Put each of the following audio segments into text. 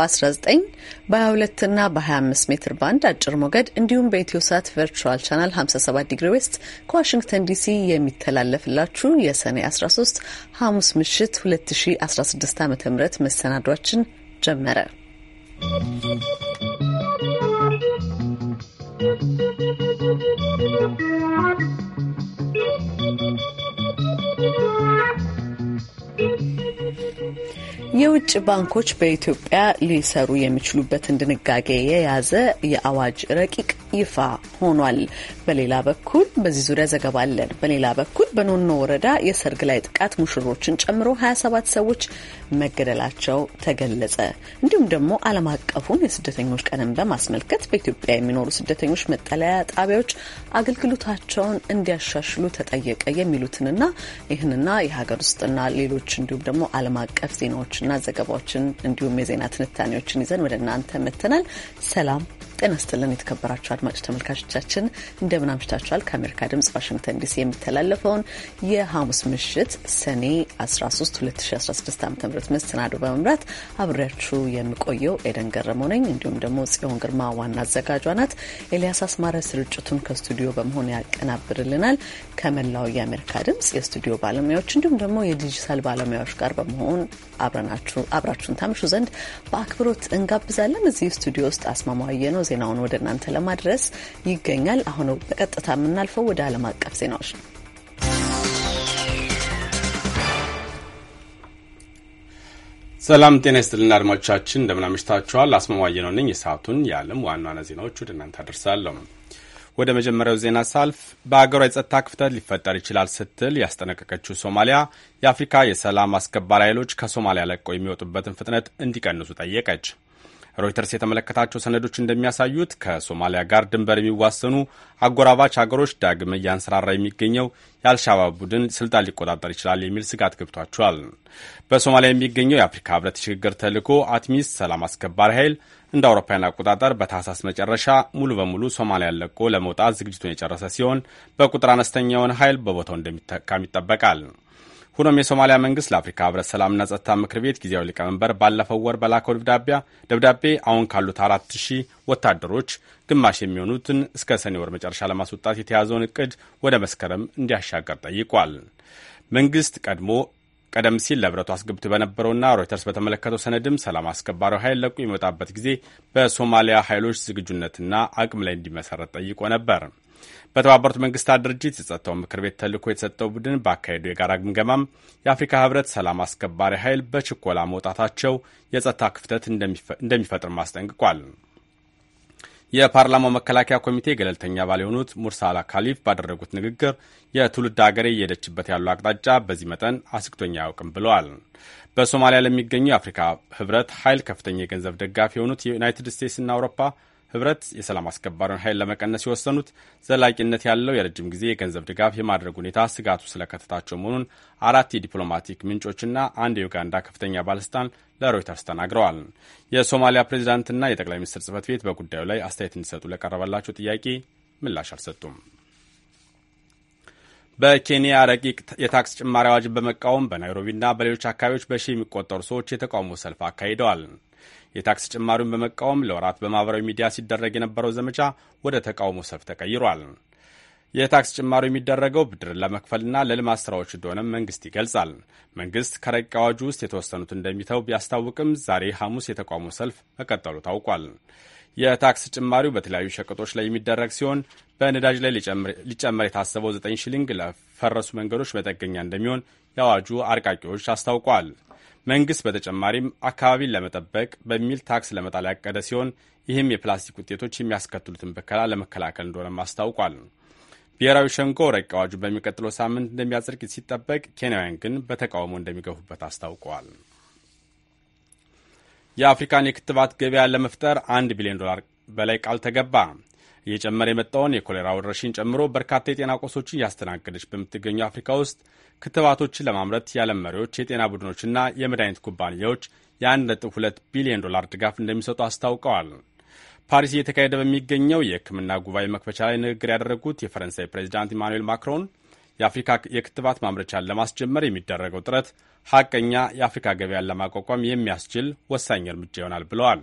በ19 በ22 እና በ25 ሜትር ባንድ አጭር ሞገድ እንዲሁም በኢትዮ ሳት ቨርቹዋል ቻናል 57 ዲግሪ ዌስት ከዋሽንግተን ዲሲ የሚተላለፍላችሁ የሰኔ 13 ሐሙስ ምሽት 2016 ዓ ም መሰናዷችን ጀመረ። ¶¶ የውጭ ባንኮች በኢትዮጵያ ሊሰሩ የሚችሉበትን ድንጋጌ የያዘ የአዋጅ ረቂቅ ይፋ ሆኗል። በሌላ በኩል በዚህ ዙሪያ ዘገባ አለን። በሌላ በኩል በኖኖ ወረዳ የሰርግ ላይ ጥቃት ሙሽሮችን ጨምሮ 27 ሰዎች መገደላቸው ተገለጸ። እንዲሁም ደግሞ ዓለም አቀፉን የስደተኞች ቀንን በማስመልከት በኢትዮጵያ የሚኖሩ ስደተኞች መጠለያ ጣቢያዎች አገልግሎታቸውን እንዲያሻሽሉ ተጠየቀ የሚሉትንና ይህንና የሀገር ውስጥና ሌሎች እንዲሁም ደግሞ ዓለም አቀፍ ዜናዎችና ዘገባዎችን እንዲሁም የዜና ትንታኔዎችን ይዘን ወደ እናንተ መጥተናል። ሰላም ጤና ይስጥልን የተከበራችሁ አድማጭ ተመልካቾቻችን፣ እንደምን አምሽታችኋል። ከአሜሪካ ድምጽ ዋሽንግተን ዲሲ የሚተላለፈውን የሐሙስ ምሽት ሰኔ 13 2016 ዓ ም መሰናዶ በመምራት አብሬያችሁ የሚቆየው ኤደን ገረመ ነኝ። እንዲሁም ደግሞ ጽዮን ግርማ ዋና አዘጋጇ ናት። ኤልያስ አስማረ ስርጭቱን ከስቱዲዮ በመሆን ያቀናብርልናል። ከመላው የአሜሪካ ድምጽ የስቱዲዮ ባለሙያዎች እንዲሁም ደግሞ የዲጂታል ባለሙያዎች ጋር በመሆን አብራችሁን ታምሹ ዘንድ በአክብሮት እንጋብዛለን። እዚህ ስቱዲዮ ውስጥ አስማማየ ነው ዜናውን ወደ እናንተ ለማድረስ ይገኛል። አሁን በቀጥታ የምናልፈው ወደ ዓለም አቀፍ ዜናዎች ነው። ሰላም ጤና ይስጥልን አድማጮቻችን፣ እንደምናመሽታችኋል። አስማማየ ነው ነኝ። የሰዓቱን የዓለም ዋና ዋና ዜናዎች ወደ እናንተ አደርሳለሁ። ወደ መጀመሪያው ዜና ሳልፍ በአገሯ የጸጥታ ክፍተት ሊፈጠር ይችላል ስትል ያስጠነቀቀችው ሶማሊያ የአፍሪካ የሰላም አስከባሪ ኃይሎች ከሶማሊያ ለቀው የሚወጡበትን ፍጥነት እንዲቀንሱ ጠየቀች። ሮይተርስ የተመለከታቸው ሰነዶች እንደሚያሳዩት ከሶማሊያ ጋር ድንበር የሚዋሰኑ አጎራባች ሀገሮች ዳግም እያንሰራራ የሚገኘው የአልሻባብ ቡድን ስልጣን ሊቆጣጠር ይችላል የሚል ስጋት ገብቷቸዋል። በሶማሊያ የሚገኘው የአፍሪካ ህብረት የሽግግር ተልኮ አትሚስ ሰላም አስከባሪ ኃይል እንደ አውሮፓውያን አቆጣጠር በታህሳስ መጨረሻ ሙሉ በሙሉ ሶማሊያን ለቆ ለመውጣት ዝግጅቱን የጨረሰ ሲሆን በቁጥር አነስተኛውን ኃይል በቦታው እንደሚተካም ይጠበቃል። ሆኖም የሶማሊያ መንግስት ለአፍሪካ ህብረት ሰላምና ጸጥታ ምክር ቤት ጊዜያዊ ሊቀመንበር ባለፈው ወር በላከው ደብዳቤ ደብዳቤ አሁን ካሉት አራት ሺህ ወታደሮች ግማሽ የሚሆኑትን እስከ ሰኔ ወር መጨረሻ ለማስወጣት የተያዘውን እቅድ ወደ መስከረም እንዲያሻገር ጠይቋል። መንግስት ቀድሞ ቀደም ሲል ለህብረቱ አስገብቶ በነበረውና ሮይተርስ በተመለከተው ሰነድም ሰላም አስከባሪ ኃይል ለቁ የሚወጣበት ጊዜ በሶማሊያ ኃይሎች ዝግጁነትና አቅም ላይ እንዲመሰረት ጠይቆ ነበር። በተባበሩት መንግስታት ድርጅት የጸጥታው ምክር ቤት ተልዕኮ የተሰጠው ቡድን ባካሄዱ የጋራ ግምገማም የአፍሪካ ህብረት ሰላም አስከባሪ ኃይል በችኮላ መውጣታቸው የጸጥታ ክፍተት እንደሚፈጥር ማስጠንቅቋል። የፓርላማው መከላከያ ኮሚቴ ገለልተኛ ባል የሆኑት ሙርሳላ ካሊፍ ባደረጉት ንግግር የትውልድ ሀገሬ እየሄደችበት ያለው አቅጣጫ በዚህ መጠን አስግቶኛ አያውቅም ብለዋል። በሶማሊያ ለሚገኙ የአፍሪካ ህብረት ኃይል ከፍተኛ የገንዘብ ደጋፊ የሆኑት የዩናይትድ ስቴትስና አውሮፓ ህብረት የሰላም አስከባሪውን ኃይል ለመቀነስ የወሰኑት ዘላቂነት ያለው የረጅም ጊዜ የገንዘብ ድጋፍ የማድረግ ሁኔታ ስጋቱ ስለከተታቸው መሆኑን አራት የዲፕሎማቲክ ምንጮችና አንድ የዩጋንዳ ከፍተኛ ባለስልጣን ለሮይተርስ ተናግረዋል። የሶማሊያ ፕሬዚዳንትና የጠቅላይ ሚኒስትር ጽህፈት ቤት በጉዳዩ ላይ አስተያየት እንዲሰጡ ለቀረበላቸው ጥያቄ ምላሽ አልሰጡም። በኬንያ ረቂቅ የታክስ ጭማሪ አዋጅን በመቃወም በናይሮቢና በሌሎች አካባቢዎች በሺህ የሚቆጠሩ ሰዎች የተቃውሞ ሰልፍ አካሂደዋል። የታክስ ጭማሪውን በመቃወም ለወራት በማህበራዊ ሚዲያ ሲደረግ የነበረው ዘመቻ ወደ ተቃውሞ ሰልፍ ተቀይሯል። የታክስ ጭማሪ የሚደረገው ብድርን ለመክፈልና ለልማት ስራዎች እንደሆነ መንግስት ይገልጻል። መንግስት ከረቂቅ አዋጁ ውስጥ የተወሰኑት እንደሚተው ቢያስታውቅም ዛሬ ሐሙስ የተቃውሞ ሰልፍ መቀጠሉ ታውቋል። የታክስ ጭማሪው በተለያዩ ሸቀጦች ላይ የሚደረግ ሲሆን በነዳጅ ላይ ሊጨመር የታሰበው 9 ሺሊንግ ለፈረሱ መንገዶች መጠገኛ እንደሚሆን የአዋጁ አርቃቂዎች አስታውቋል። መንግሥት በተጨማሪም አካባቢን ለመጠበቅ በሚል ታክስ ለመጣል ያቀደ ሲሆን ይህም የፕላስቲክ ውጤቶች የሚያስከትሉትን በከላ ለመከላከል እንደሆነም አስታውቋል። ብሔራዊ ሸንጎ ረቂቅ አዋጁን በሚቀጥለው ሳምንት እንደሚያጸድቅ ሲጠበቅ፣ ኬንያውያን ግን በተቃውሞ እንደሚገፉበት አስታውቀዋል። የአፍሪካን የክትባት ገበያ ለመፍጠር አንድ ቢሊዮን ዶላር በላይ ቃል ተገባ። እየጨመረ የመጣውን የኮሌራ ወረርሽኝ ጨምሮ በርካታ የጤና ቆሶችን እያስተናገደች በምትገኘው አፍሪካ ውስጥ ክትባቶችን ለማምረት የዓለም መሪዎች፣ የጤና ቡድኖችና የመድኃኒት ኩባንያዎች የ1.2 ቢሊዮን ዶላር ድጋፍ እንደሚሰጡ አስታውቀዋል። ፓሪስ እየተካሄደ በሚገኘው የሕክምና ጉባኤ መክፈቻ ላይ ንግግር ያደረጉት የፈረንሳይ ፕሬዚዳንት ኢማኑኤል ማክሮን የአፍሪካ የክትባት ማምረቻን ለማስጀመር የሚደረገው ጥረት ሀቀኛ የአፍሪካ ገበያን ለማቋቋም የሚያስችል ወሳኝ እርምጃ ይሆናል ብለዋል።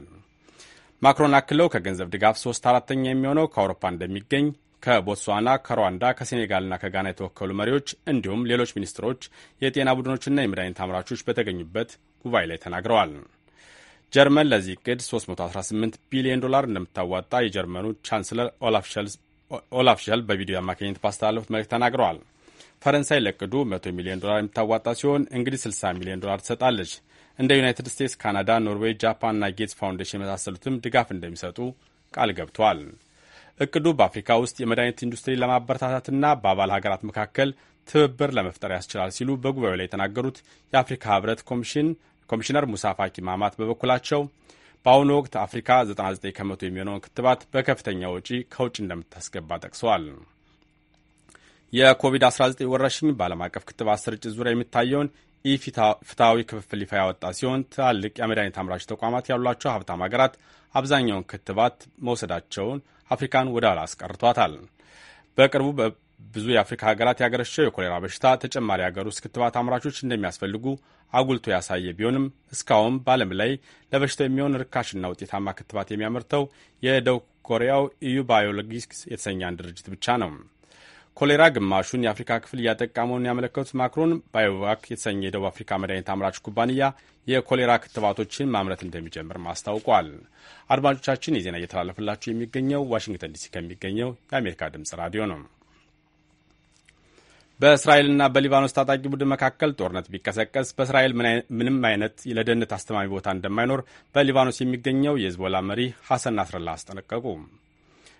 ማክሮን አክለው ከገንዘብ ድጋፍ ሶስት አራተኛ የሚሆነው ከአውሮፓ እንደሚገኝ ከቦትስዋና፣ ከሩዋንዳ፣ ከሴኔጋልና ከጋና የተወከሉ መሪዎች እንዲሁም ሌሎች ሚኒስትሮች፣ የጤና ቡድኖችና የመድኃኒት አምራቾች በተገኙበት ጉባኤ ላይ ተናግረዋል። ጀርመን ለዚህ እቅድ 318 ቢሊዮን ዶላር እንደምታዋጣ የጀርመኑ ቻንስለር ኦላፍ ሸል በቪዲዮ አማካኝነት ባስተላለፉት መልእክት ተናግረዋል። ፈረንሳይ ለቅዱ 100 ሚሊዮን ዶላር የምታዋጣ ሲሆን እንግዲህ 60 ሚሊዮን ዶላር ትሰጣለች። እንደ ዩናይትድ ስቴትስ፣ ካናዳ፣ ኖርዌይ፣ ና ጌትስ ፋውንዴሽን የመሳሰሉትም ድጋፍ እንደሚሰጡ ቃል ገብተዋል። እቅዱ በአፍሪካ ውስጥ የመድኃኒት ኢንዱስትሪ ለማበረታታትና በአባል ሀገራት መካከል ትብብር ለመፍጠር ያስችላል ሲሉ በጉባኤው ላይ የተናገሩት የአፍሪካ ህብረት ኮሚሽን ኮሚሽነር ሙሳ ፋኪ ማማት በበኩላቸው በአሁኑ ወቅት አፍሪካ 99 ከመቶ የሚሆነውን ክትባት በከፍተኛ ወጪ ከውጭ እንደምታስገባ ጠቅሰዋል። የኮቪድ-19 ወረርሽኝ በዓለም አቀፍ ክትባት ስርጭት ዙሪያ የሚታየውን ኢፍትሐዊ ክፍፍል ይፋ ያወጣ ሲሆን ትላልቅ የመድኃኒት አምራች ተቋማት ያሏቸው ሀብታም ሀገራት አብዛኛውን ክትባት መውሰዳቸውን አፍሪካን ወደ ኋላ አስቀርቷታል። በቅርቡ ብዙ የአፍሪካ ሀገራት ያገረሸው የኮሌራ በሽታ ተጨማሪ ሀገር ውስጥ ክትባት አምራቾች እንደሚያስፈልጉ አጉልቶ ያሳየ ቢሆንም እስካሁን በዓለም ላይ ለበሽታው የሚሆን ርካሽና ውጤታማ ክትባት የሚያመርተው የደቡብ ኮሪያው ኢዩ ባዮሎጊክስ የተሰኘ አንድ ድርጅት ብቻ ነው። ኮሌራ ግማሹን የአፍሪካ ክፍል እያጠቃ መሆኑን ያመለከቱት ማክሮን ባዮቫክ የተሰኘ የደቡብ አፍሪካ መድኃኒት አምራች ኩባንያ የኮሌራ ክትባቶችን ማምረት እንደሚጀምር ማስታውቋል። አድማጮቻችን የዜና እየተላለፈላችሁ የሚገኘው ዋሽንግተን ዲሲ ከሚገኘው የአሜሪካ ድምጽ ራዲዮ ነው። በእስራኤልና በሊባኖስ ታጣቂ ቡድን መካከል ጦርነት ቢቀሰቀስ በእስራኤል ምንም አይነት ለደህንነት አስተማሚ ቦታ እንደማይኖር በሊባኖስ የሚገኘው የህዝቦላ መሪ ሐሰን ናስረላ አስጠነቀቁ።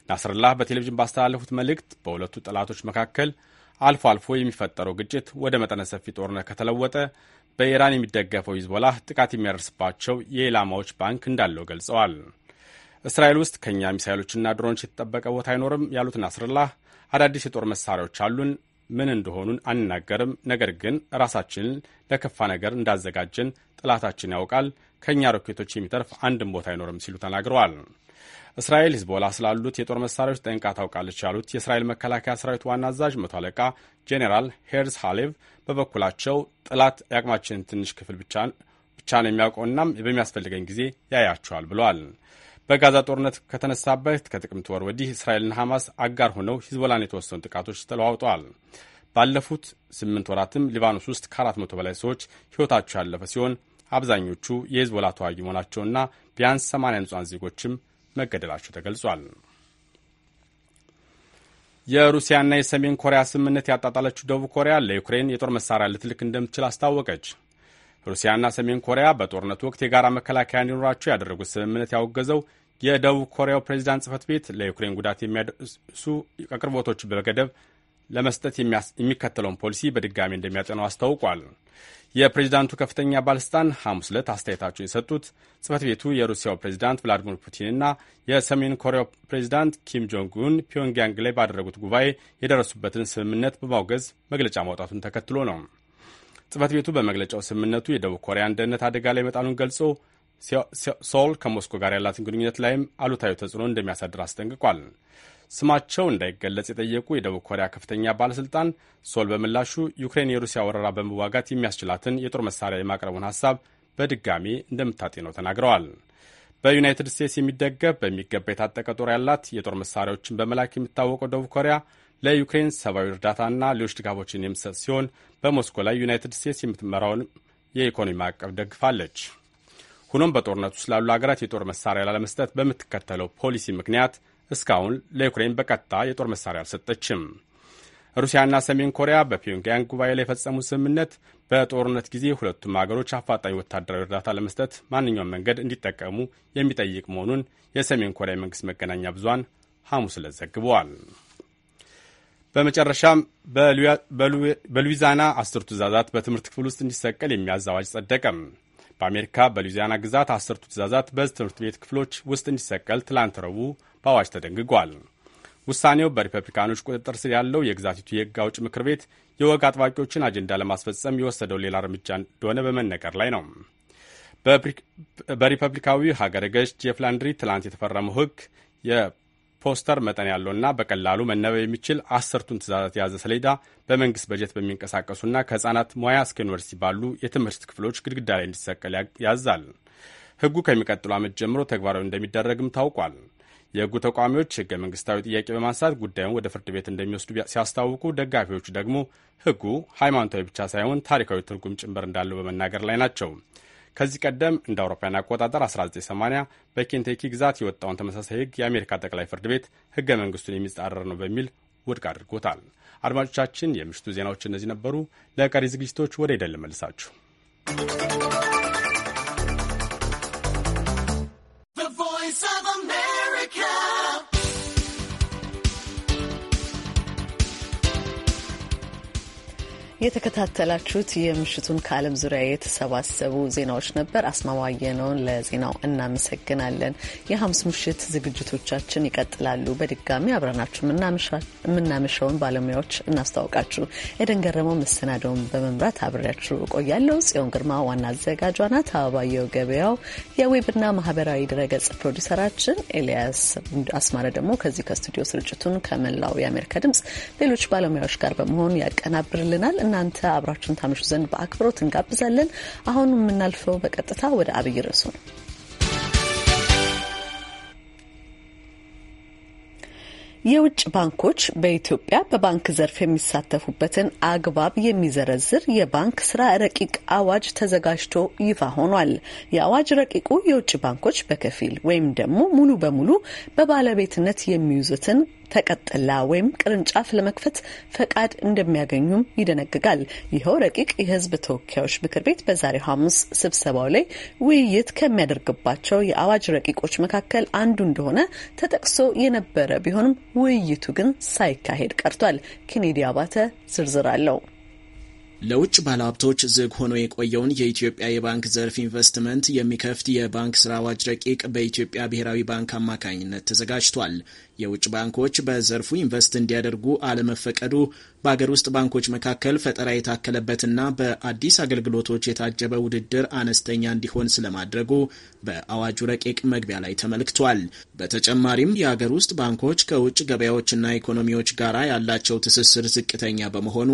ናስርላህ በቴሌቪዥን ባስተላለፉት መልእክት በሁለቱ ጠላቶች መካከል አልፎ አልፎ የሚፈጠረው ግጭት ወደ መጠነ ሰፊ ጦርነት ከተለወጠ በኢራን የሚደገፈው ሂዝቦላህ ጥቃት የሚያደርስባቸው የኢላማዎች ባንክ እንዳለው ገልጸዋል። እስራኤል ውስጥ ከእኛ ሚሳይሎችና ድሮኖች የተጠበቀ ቦታ አይኖርም ያሉት ናስርላህ አዳዲስ የጦር መሳሪያዎች አሉን ምን እንደሆኑን አንናገርም። ነገር ግን ራሳችንን ለከፋ ነገር እንዳዘጋጀን ጥላታችን ያውቃል። ከእኛ ሮኬቶች የሚተርፍ አንድም ቦታ አይኖርም ሲሉ ተናግረዋል። እስራኤል ሂዝቦላ ስላሉት የጦር መሳሪያዎች ጠንቃ ታውቃለች ያሉት የእስራኤል መከላከያ ሰራዊት ዋና አዛዥ መቶ አለቃ ጄኔራል ሄርዝ ሃሌቭ በበኩላቸው ጠላት የአቅማችንን ትንሽ ክፍል ብቻ ነው የሚያውቀው፣ በሚያስፈልገኝ በሚያስፈልገን ጊዜ ያያቸዋል ብለዋል። በጋዛ ጦርነት ከተነሳበት ከጥቅምት ወር ወዲህ እስራኤልና ሐማስ አጋር ሆነው ሂዝቦላን የተወሰኑ ጥቃቶች ተለዋውጠዋል። ባለፉት ስምንት ወራትም ሊባኖስ ውስጥ ከአራት መቶ በላይ ሰዎች ሕይወታቸው ያለፈ ሲሆን አብዛኞቹ የሂዝቦላ ተዋጊ መሆናቸውና ቢያንስ ሰማንያ ንጹሐን ዜጎችም መገደላቸው ተገልጿል። የሩሲያና የሰሜን ኮሪያ ስምምነት ያጣጣለችው ደቡብ ኮሪያ ለዩክሬን የጦር መሳሪያ ልትልክ እንደምትችል አስታወቀች። ሩሲያና ሰሜን ኮሪያ በጦርነቱ ወቅት የጋራ መከላከያ እንዲኖራቸው ያደረጉት ስምምነት ያወገዘው የደቡብ ኮሪያው ፕሬዚዳንት ጽህፈት ቤት ለዩክሬን ጉዳት የሚያደርሱ አቅርቦቶች በገደብ ለመስጠት የሚከተለውን ፖሊሲ በድጋሚ እንደሚያጠነው አስታውቋል። የፕሬዚዳንቱ ከፍተኛ ባለስልጣን ሐሙስ ዕለት አስተያየታቸውን የሰጡት ጽህፈት ቤቱ የሩሲያው ፕሬዚዳንት ቭላዲሚር ፑቲንና የሰሜን ኮሪያው ፕሬዚዳንት ኪም ጆንግ ኡን ፒዮንግያንግ ላይ ባደረጉት ጉባኤ የደረሱበትን ስምምነት በማውገዝ መግለጫ ማውጣቱን ተከትሎ ነው። ጽህፈት ቤቱ በመግለጫው ስምምነቱ የደቡብ ኮሪያ ደህንነት አደጋ ላይ መጣሉን ገልጾ ሶል ከሞስኮ ጋር ያላትን ግንኙነት ላይም አሉታዊ ተጽዕኖ እንደሚያሳድር አስጠንቅቋል። ስማቸው እንዳይገለጽ የጠየቁ የደቡብ ኮሪያ ከፍተኛ ባለሥልጣን ሶል በምላሹ ዩክሬን የሩሲያ ወረራ በመዋጋት የሚያስችላትን የጦር መሳሪያ የማቅረቡን ሀሳብ በድጋሚ እንደምታጤነው ተናግረዋል። በዩናይትድ ስቴትስ የሚደገፍ በሚገባ የታጠቀ ጦር ያላት የጦር መሳሪያዎችን በመላክ የሚታወቀው ደቡብ ኮሪያ ለዩክሬን ሰብአዊ እርዳታና ሌሎች ድጋፎችን የምሰጥ ሲሆን በሞስኮ ላይ ዩናይትድ ስቴትስ የምትመራውን የኢኮኖሚ ማዕቀብ ደግፋለች። ሆኖም በጦርነቱ ስላሉ ሀገራት የጦር መሳሪያ ላለመስጠት በምትከተለው ፖሊሲ ምክንያት እስካሁን ለዩክሬን በቀጥታ የጦር መሳሪያ አልሰጠችም። ሩሲያና ሰሜን ኮሪያ በፒዮንግያንግ ጉባኤ ላይ የፈጸሙት ስምምነት በጦርነት ጊዜ ሁለቱም ሀገሮች አፋጣኝ ወታደራዊ እርዳታ ለመስጠት ማንኛውም መንገድ እንዲጠቀሙ የሚጠይቅ መሆኑን የሰሜን ኮሪያ መንግስት መገናኛ ብዙሃን ሐሙስ ዕለት ዘግበዋል። በመጨረሻም በሉዊዛና አስር ትእዛዛት በትምህርት ክፍል ውስጥ እንዲሰቀል የሚያዝ አዋጅ ጸደቀም። በአሜሪካ በሉዊዛና ግዛት አስርቱ ትእዛዛት በትምህርት ቤት ክፍሎች ውስጥ እንዲሰቀል ትላንት ረቡዕ በአዋጅ ተደንግጓል። ውሳኔው በሪፐብሊካኖች ቁጥጥር ስር ያለው የግዛቲቱ የህግ አውጭ ምክር ቤት የወግ አጥባቂዎችን አጀንዳ ለማስፈጸም የወሰደው ሌላ እርምጃ እንደሆነ በመነገር ላይ ነው። በሪፐብሊካዊ ሀገረ ገዥ ጄፍ ላንድሪ ትላንት የተፈረመው ህግ የፖስተር መጠን ያለውና በቀላሉ መነበብ የሚችል አስርቱን ትእዛዛት የያዘ ሰሌዳ በመንግስት በጀት በሚንቀሳቀሱና ከህጻናት ሙያ እስከ ዩኒቨርሲቲ ባሉ የትምህርት ክፍሎች ግድግዳ ላይ እንዲሰቀል ያዛል። ህጉ ከሚቀጥሉ ዓመት ጀምሮ ተግባራዊ እንደሚደረግም ታውቋል። የህጉ ተቋሚዎች ህገ መንግስታዊ ጥያቄ በማንሳት ጉዳዩን ወደ ፍርድ ቤት እንደሚወስዱ ሲያስታውቁ፣ ደጋፊዎቹ ደግሞ ህጉ ሃይማኖታዊ ብቻ ሳይሆን ታሪካዊ ትርጉም ጭምር እንዳለው በመናገር ላይ ናቸው። ከዚህ ቀደም እንደ አውሮፓውያን አቆጣጠር 1980 በኬንቴኪ ግዛት የወጣውን ተመሳሳይ ህግ የአሜሪካ ጠቅላይ ፍርድ ቤት ህገ መንግስቱን የሚጻረር ነው በሚል ውድቅ አድርጎታል። አድማጮቻችን፣ የምሽቱ ዜናዎች እነዚህ ነበሩ። ለቀሪ ዝግጅቶች ወደ ሄደን ልመልሳችሁ። የተከታተላችሁት የምሽቱን ከዓለም ዙሪያ የተሰባሰቡ ዜናዎች ነበር። አስማማየነውን ለዜናው እናመሰግናለን። የሐሙስ ምሽት ዝግጅቶቻችን ይቀጥላሉ። በድጋሚ አብረናችሁ የምናመሻውን ባለሙያዎች እናስተዋውቃችሁ ኤደን ገረመው መሰናደውን በመምራት አብሬያችሁ እቆያለሁ። ጽዮን ግርማ ዋና አዘጋጇ ናት። አበባየው ገበያው የዌብና ማህበራዊ ድረገጽ ፕሮዲሰራችን፣ ኤልያስ አስማረ ደግሞ ከዚህ ከስቱዲዮ ስርጭቱን ከመላው የአሜሪካ ድምጽ ሌሎች ባለሙያዎች ጋር በመሆን ያቀናብርልናል። እናንተ አብራችሁን ታመሹ ዘንድ በአክብሮት እንጋብዛለን። አሁን የምናልፈው በቀጥታ ወደ አብይ ርዕሱ ነው። የውጭ ባንኮች በኢትዮጵያ በባንክ ዘርፍ የሚሳተፉበትን አግባብ የሚዘረዝር የባንክ ስራ ረቂቅ አዋጅ ተዘጋጅቶ ይፋ ሆኗል። የአዋጅ ረቂቁ የውጭ ባንኮች በከፊል ወይም ደግሞ ሙሉ በሙሉ በባለቤትነት የሚይዙትን ተቀጥላ ወይም ቅርንጫፍ ለመክፈት ፈቃድ እንደሚያገኙም ይደነግጋል። ይኸው ረቂቅ የሕዝብ ተወካዮች ምክር ቤት በዛሬ ሐሙስ ስብሰባው ላይ ውይይት ከሚያደርግባቸው የአዋጅ ረቂቆች መካከል አንዱ እንደሆነ ተጠቅሶ የነበረ ቢሆንም ውይይቱ ግን ሳይካሄድ ቀርቷል። ኬኔዲ አባተ ዝርዝር አለው። ለውጭ ባለሀብቶች ዝግ ሆኖ የቆየውን የኢትዮጵያ የባንክ ዘርፍ ኢንቨስትመንት የሚከፍት የባንክ ስራ አዋጅ ረቂቅ በኢትዮጵያ ብሔራዊ ባንክ አማካኝነት ተዘጋጅቷል። የውጭ ባንኮች በዘርፉ ኢንቨስት እንዲያደርጉ አለመፈቀዱ በአገር ውስጥ ባንኮች መካከል ፈጠራ የታከለበትና በአዲስ አገልግሎቶች የታጀበ ውድድር አነስተኛ እንዲሆን ስለማድረጉ በአዋጁ ረቂቅ መግቢያ ላይ ተመልክቷል። በተጨማሪም የአገር ውስጥ ባንኮች ከውጭ ገበያዎችና ኢኮኖሚዎች ጋር ያላቸው ትስስር ዝቅተኛ በመሆኑ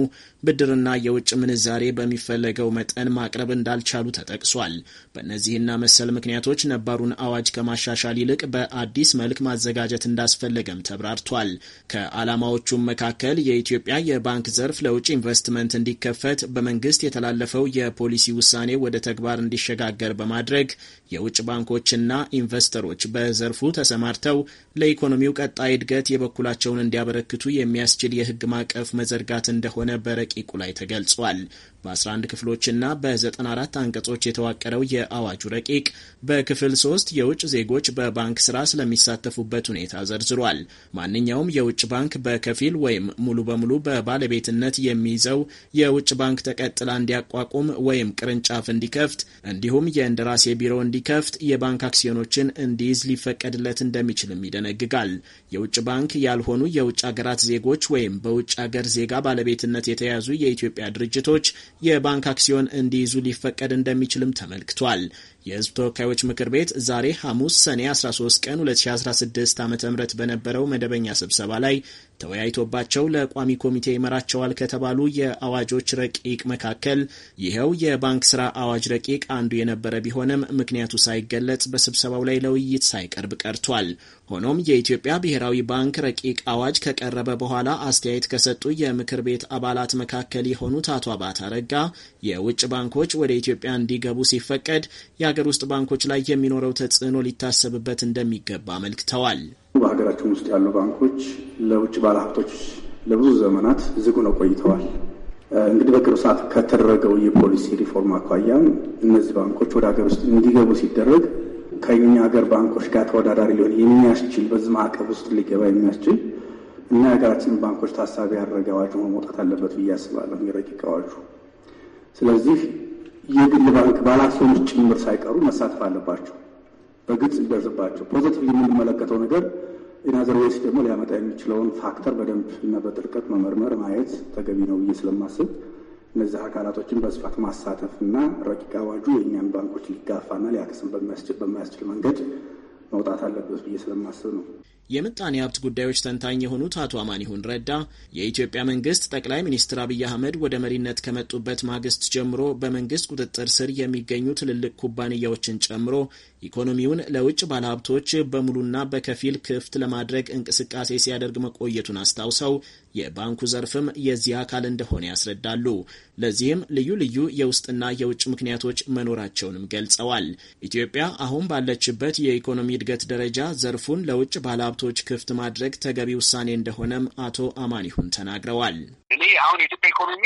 ብድርና የውጭ ምንዛሬ በሚፈለገው መጠን ማቅረብ እንዳልቻሉ ተጠቅሷል። በእነዚህና መሰል ምክንያቶች ነባሩን አዋጅ ከማሻሻል ይልቅ በአዲስ መልክ ማዘጋጀት እንዳስፈል እንደተፈለገም ተብራርቷል። ከዓላማዎቹም መካከል የኢትዮጵያ የባንክ ዘርፍ ለውጭ ኢንቨስትመንት እንዲከፈት በመንግስት የተላለፈው የፖሊሲ ውሳኔ ወደ ተግባር እንዲሸጋገር በማድረግ የውጭ ባንኮችና ኢንቨስተሮች በዘርፉ ተሰማርተው ለኢኮኖሚው ቀጣይ እድገት የበኩላቸውን እንዲያበረክቱ የሚያስችል የሕግ ማዕቀፍ መዘርጋት እንደሆነ በረቂቁ ላይ ተገልጿል። በ11 ክፍሎችና በ94 አንቀጾች የተዋቀረው የአዋጁ ረቂቅ በክፍል 3 የውጭ ዜጎች በባንክ ስራ ስለሚሳተፉበት ሁኔታ ዘርዝሯል። ማንኛውም የውጭ ባንክ በከፊል ወይም ሙሉ በሙሉ በባለቤትነት የሚይዘው የውጭ ባንክ ተቀጥላ እንዲያቋቁም ወይም ቅርንጫፍ እንዲከፍት እንዲሁም የእንደራሴ ቢሮ እንዲ ቢከፍት የባንክ አክሲዮኖችን እንዲይዝ ሊፈቀድለት እንደሚችልም ይደነግጋል። የውጭ ባንክ ያልሆኑ የውጭ ሀገራት ዜጎች ወይም በውጭ ሀገር ዜጋ ባለቤትነት የተያዙ የኢትዮጵያ ድርጅቶች የባንክ አክሲዮን እንዲይዙ ሊፈቀድ እንደሚችልም ተመልክቷል። የሕዝብ ተወካዮች ምክር ቤት ዛሬ ሐሙስ ሰኔ 13 ቀን 2016 ዓ ም በነበረው መደበኛ ስብሰባ ላይ ተወያይቶባቸው ለቋሚ ኮሚቴ ይመራቸዋል ከተባሉ የአዋጆች ረቂቅ መካከል ይኸው የባንክ ስራ አዋጅ ረቂቅ አንዱ የነበረ ቢሆንም ምክንያቱ ሳይገለጽ በስብሰባው ላይ ለውይይት ሳይቀርብ ቀርቷል። ሆኖም የኢትዮጵያ ብሔራዊ ባንክ ረቂቅ አዋጅ ከቀረበ በኋላ አስተያየት ከሰጡ የምክር ቤት አባላት መካከል የሆኑት አቶ አባት አረጋ የውጭ ባንኮች ወደ ኢትዮጵያ እንዲገቡ ሲፈቀድ የአገር ውስጥ ባንኮች ላይ የሚኖረው ተጽዕኖ ሊታሰብበት እንደሚገባ አመልክተዋል። ያሉ ባንኮች ለውጭ ባለሀብቶች ለብዙ ዘመናት ዝጉ ነው ቆይተዋል። እንግዲህ በቅርብ ሰዓት ከተደረገው የፖሊሲ ሪፎርም አኳያም እነዚህ ባንኮች ወደ ሀገር ውስጥ እንዲገቡ ሲደረግ ከእኛ ሀገር ባንኮች ጋር ተወዳዳሪ ሊሆን የሚያስችል በዚህ ማዕቀብ ውስጥ ሊገባ የሚያስችል እና የሀገራችን ባንኮች ታሳቢ ያደረገ አዋጅ ሆኖ መውጣት አለበት ብዬ አስባለሁ። የረቂቅ አዋጁ ስለዚህ የግል ባንክ ባለአክሲዮኖች ጭምር ሳይቀሩ መሳተፍ አለባቸው። በግልጽ ይደርስባቸው። ፖዘቲቭ የምንመለከተው ነገር ኢናዘርዌይስ ደግሞ ሊያመጣ የሚችለውን ፋክተር በደንብ እና በጥልቀት መመርመር ማየት ተገቢ ነው ብዬ ስለማስብ እነዚህ አካላቶችን በስፋት ማሳተፍ እና ረቂቅ አዋጁ የእኛን ባንኮች ሊጋፋና ሊያክስም በማያስችል መንገድ መውጣት አለበት ብዬ ስለማስብ ነው። የምጣኔ ሀብት ጉዳዮች ተንታኝ የሆኑት አቶ አማኒሁን ረዳ የኢትዮጵያ መንግስት ጠቅላይ ሚኒስትር አብይ አህመድ ወደ መሪነት ከመጡበት ማግስት ጀምሮ በመንግስት ቁጥጥር ስር የሚገኙ ትልልቅ ኩባንያዎችን ጨምሮ ኢኮኖሚውን ለውጭ ባለሀብቶች በሙሉና በከፊል ክፍት ለማድረግ እንቅስቃሴ ሲያደርግ መቆየቱን አስታውሰው የባንኩ ዘርፍም የዚህ አካል እንደሆነ ያስረዳሉ። ለዚህም ልዩ ልዩ የውስጥና የውጭ ምክንያቶች መኖራቸውንም ገልጸዋል። ኢትዮጵያ አሁን ባለችበት የኢኮኖሚ እድገት ደረጃ ዘርፉን ለውጭ ባለሀብቶች ክፍት ማድረግ ተገቢ ውሳኔ እንደሆነም አቶ አማኒሁን ተናግረዋል። እኔ አሁን የኢትዮጵያ ኢኮኖሚ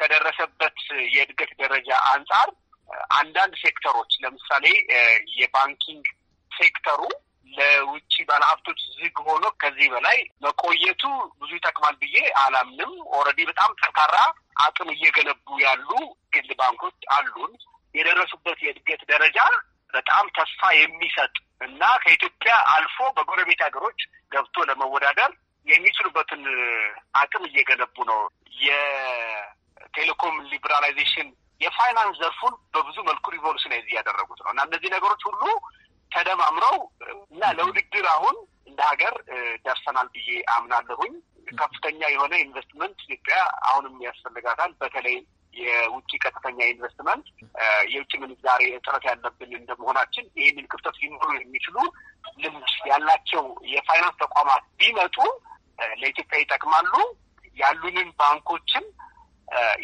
ከደረሰበት የእድገት ደረጃ አንጻር አንዳንድ ሴክተሮች ለምሳሌ የባንኪንግ ሴክተሩ ለውጭ ባለሀብቶች ዝግ ሆኖ ከዚህ በላይ መቆየቱ ብዙ ይጠቅማል ብዬ አላምንም። ኦልሬዲ በጣም ጠንካራ አቅም እየገነቡ ያሉ ግል ባንኮች አሉን። የደረሱበት የእድገት ደረጃ በጣም ተስፋ የሚሰጥ እና ከኢትዮጵያ አልፎ በጎረቤት ሀገሮች ገብቶ ለመወዳደር የሚችሉበትን አቅም እየገነቡ ነው። የቴሌኮም ሊበራላይዜሽን የፋይናንስ ዘርፉን በብዙ መልኩ ሪቮሉሽናይዝ እያደረጉት ነው እና እነዚህ ነገሮች ሁሉ ተደማምረው እና ለውድድር አሁን እንደ ሀገር ደርሰናል ብዬ አምናለሁኝ። ከፍተኛ የሆነ ኢንቨስትመንት ኢትዮጵያ አሁንም ያስፈልጋታል። በተለይ የውጭ ቀጥተኛ ኢንቨስትመንት፣ የውጭ ምንዛሬ እጥረት ያለብን እንደመሆናችን ይህንን ክፍተት ሊኖሩ የሚችሉ ልምድ ያላቸው የፋይናንስ ተቋማት ቢመጡ ለኢትዮጵያ ይጠቅማሉ። ያሉንን ባንኮችን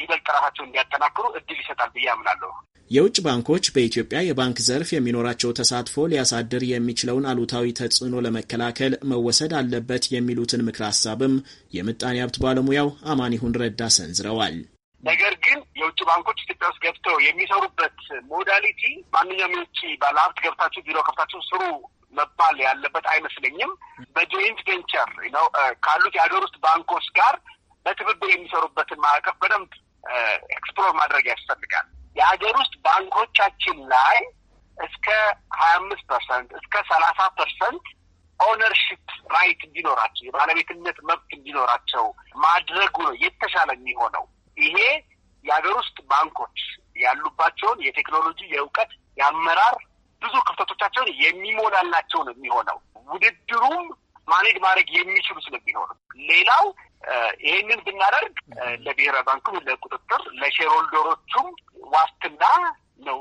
ይበልጥ ራሳቸውን እንዲያጠናክሩ እድል ይሰጣል ብዬ አምናለሁ። የውጭ ባንኮች በኢትዮጵያ የባንክ ዘርፍ የሚኖራቸው ተሳትፎ ሊያሳድር የሚችለውን አሉታዊ ተጽዕኖ ለመከላከል መወሰድ አለበት የሚሉትን ምክር ሀሳብም የምጣኔ ሀብት ባለሙያው አማን ይሁን ረዳ ሰንዝረዋል። ነገር ግን የውጭ ባንኮች ኢትዮጵያ ውስጥ ገብተው የሚሰሩበት ሞዳሊቲ ማንኛውም የውጭ ባለሀብት ገብታችሁ ቢሮ ከፍታችሁ ስሩ መባል ያለበት አይመስለኝም። በጆይንት ቬንቸር ነው ካሉት የሀገር ውስጥ ባንኮች ጋር በትብብር የሚሰሩበትን ማዕቀፍ በደንብ ኤክስፕሎር ማድረግ ያስፈልጋል። የሀገር ውስጥ ባንኮቻችን ላይ እስከ ሀያ አምስት ፐርሰንት እስከ ሰላሳ ፐርሰንት ኦነርሽፕ ራይት እንዲኖራቸው የባለቤትነት መብት እንዲኖራቸው ማድረጉ ነው የተሻለ የሚሆነው። ይሄ የሀገር ውስጥ ባንኮች ያሉባቸውን የቴክኖሎጂ፣ የእውቀት፣ የአመራር ብዙ ክፍተቶቻቸውን የሚሞላላቸው ነው የሚሆነው። ውድድሩም ማኔጅ ማድረግ የሚችሉ ስለሚሆኑ ሌላው ይህንን ብናደርግ ለብሔራዊ ባንኩም ለቁጥጥር ለሼርሆልደሮቹም ዋስትና ነው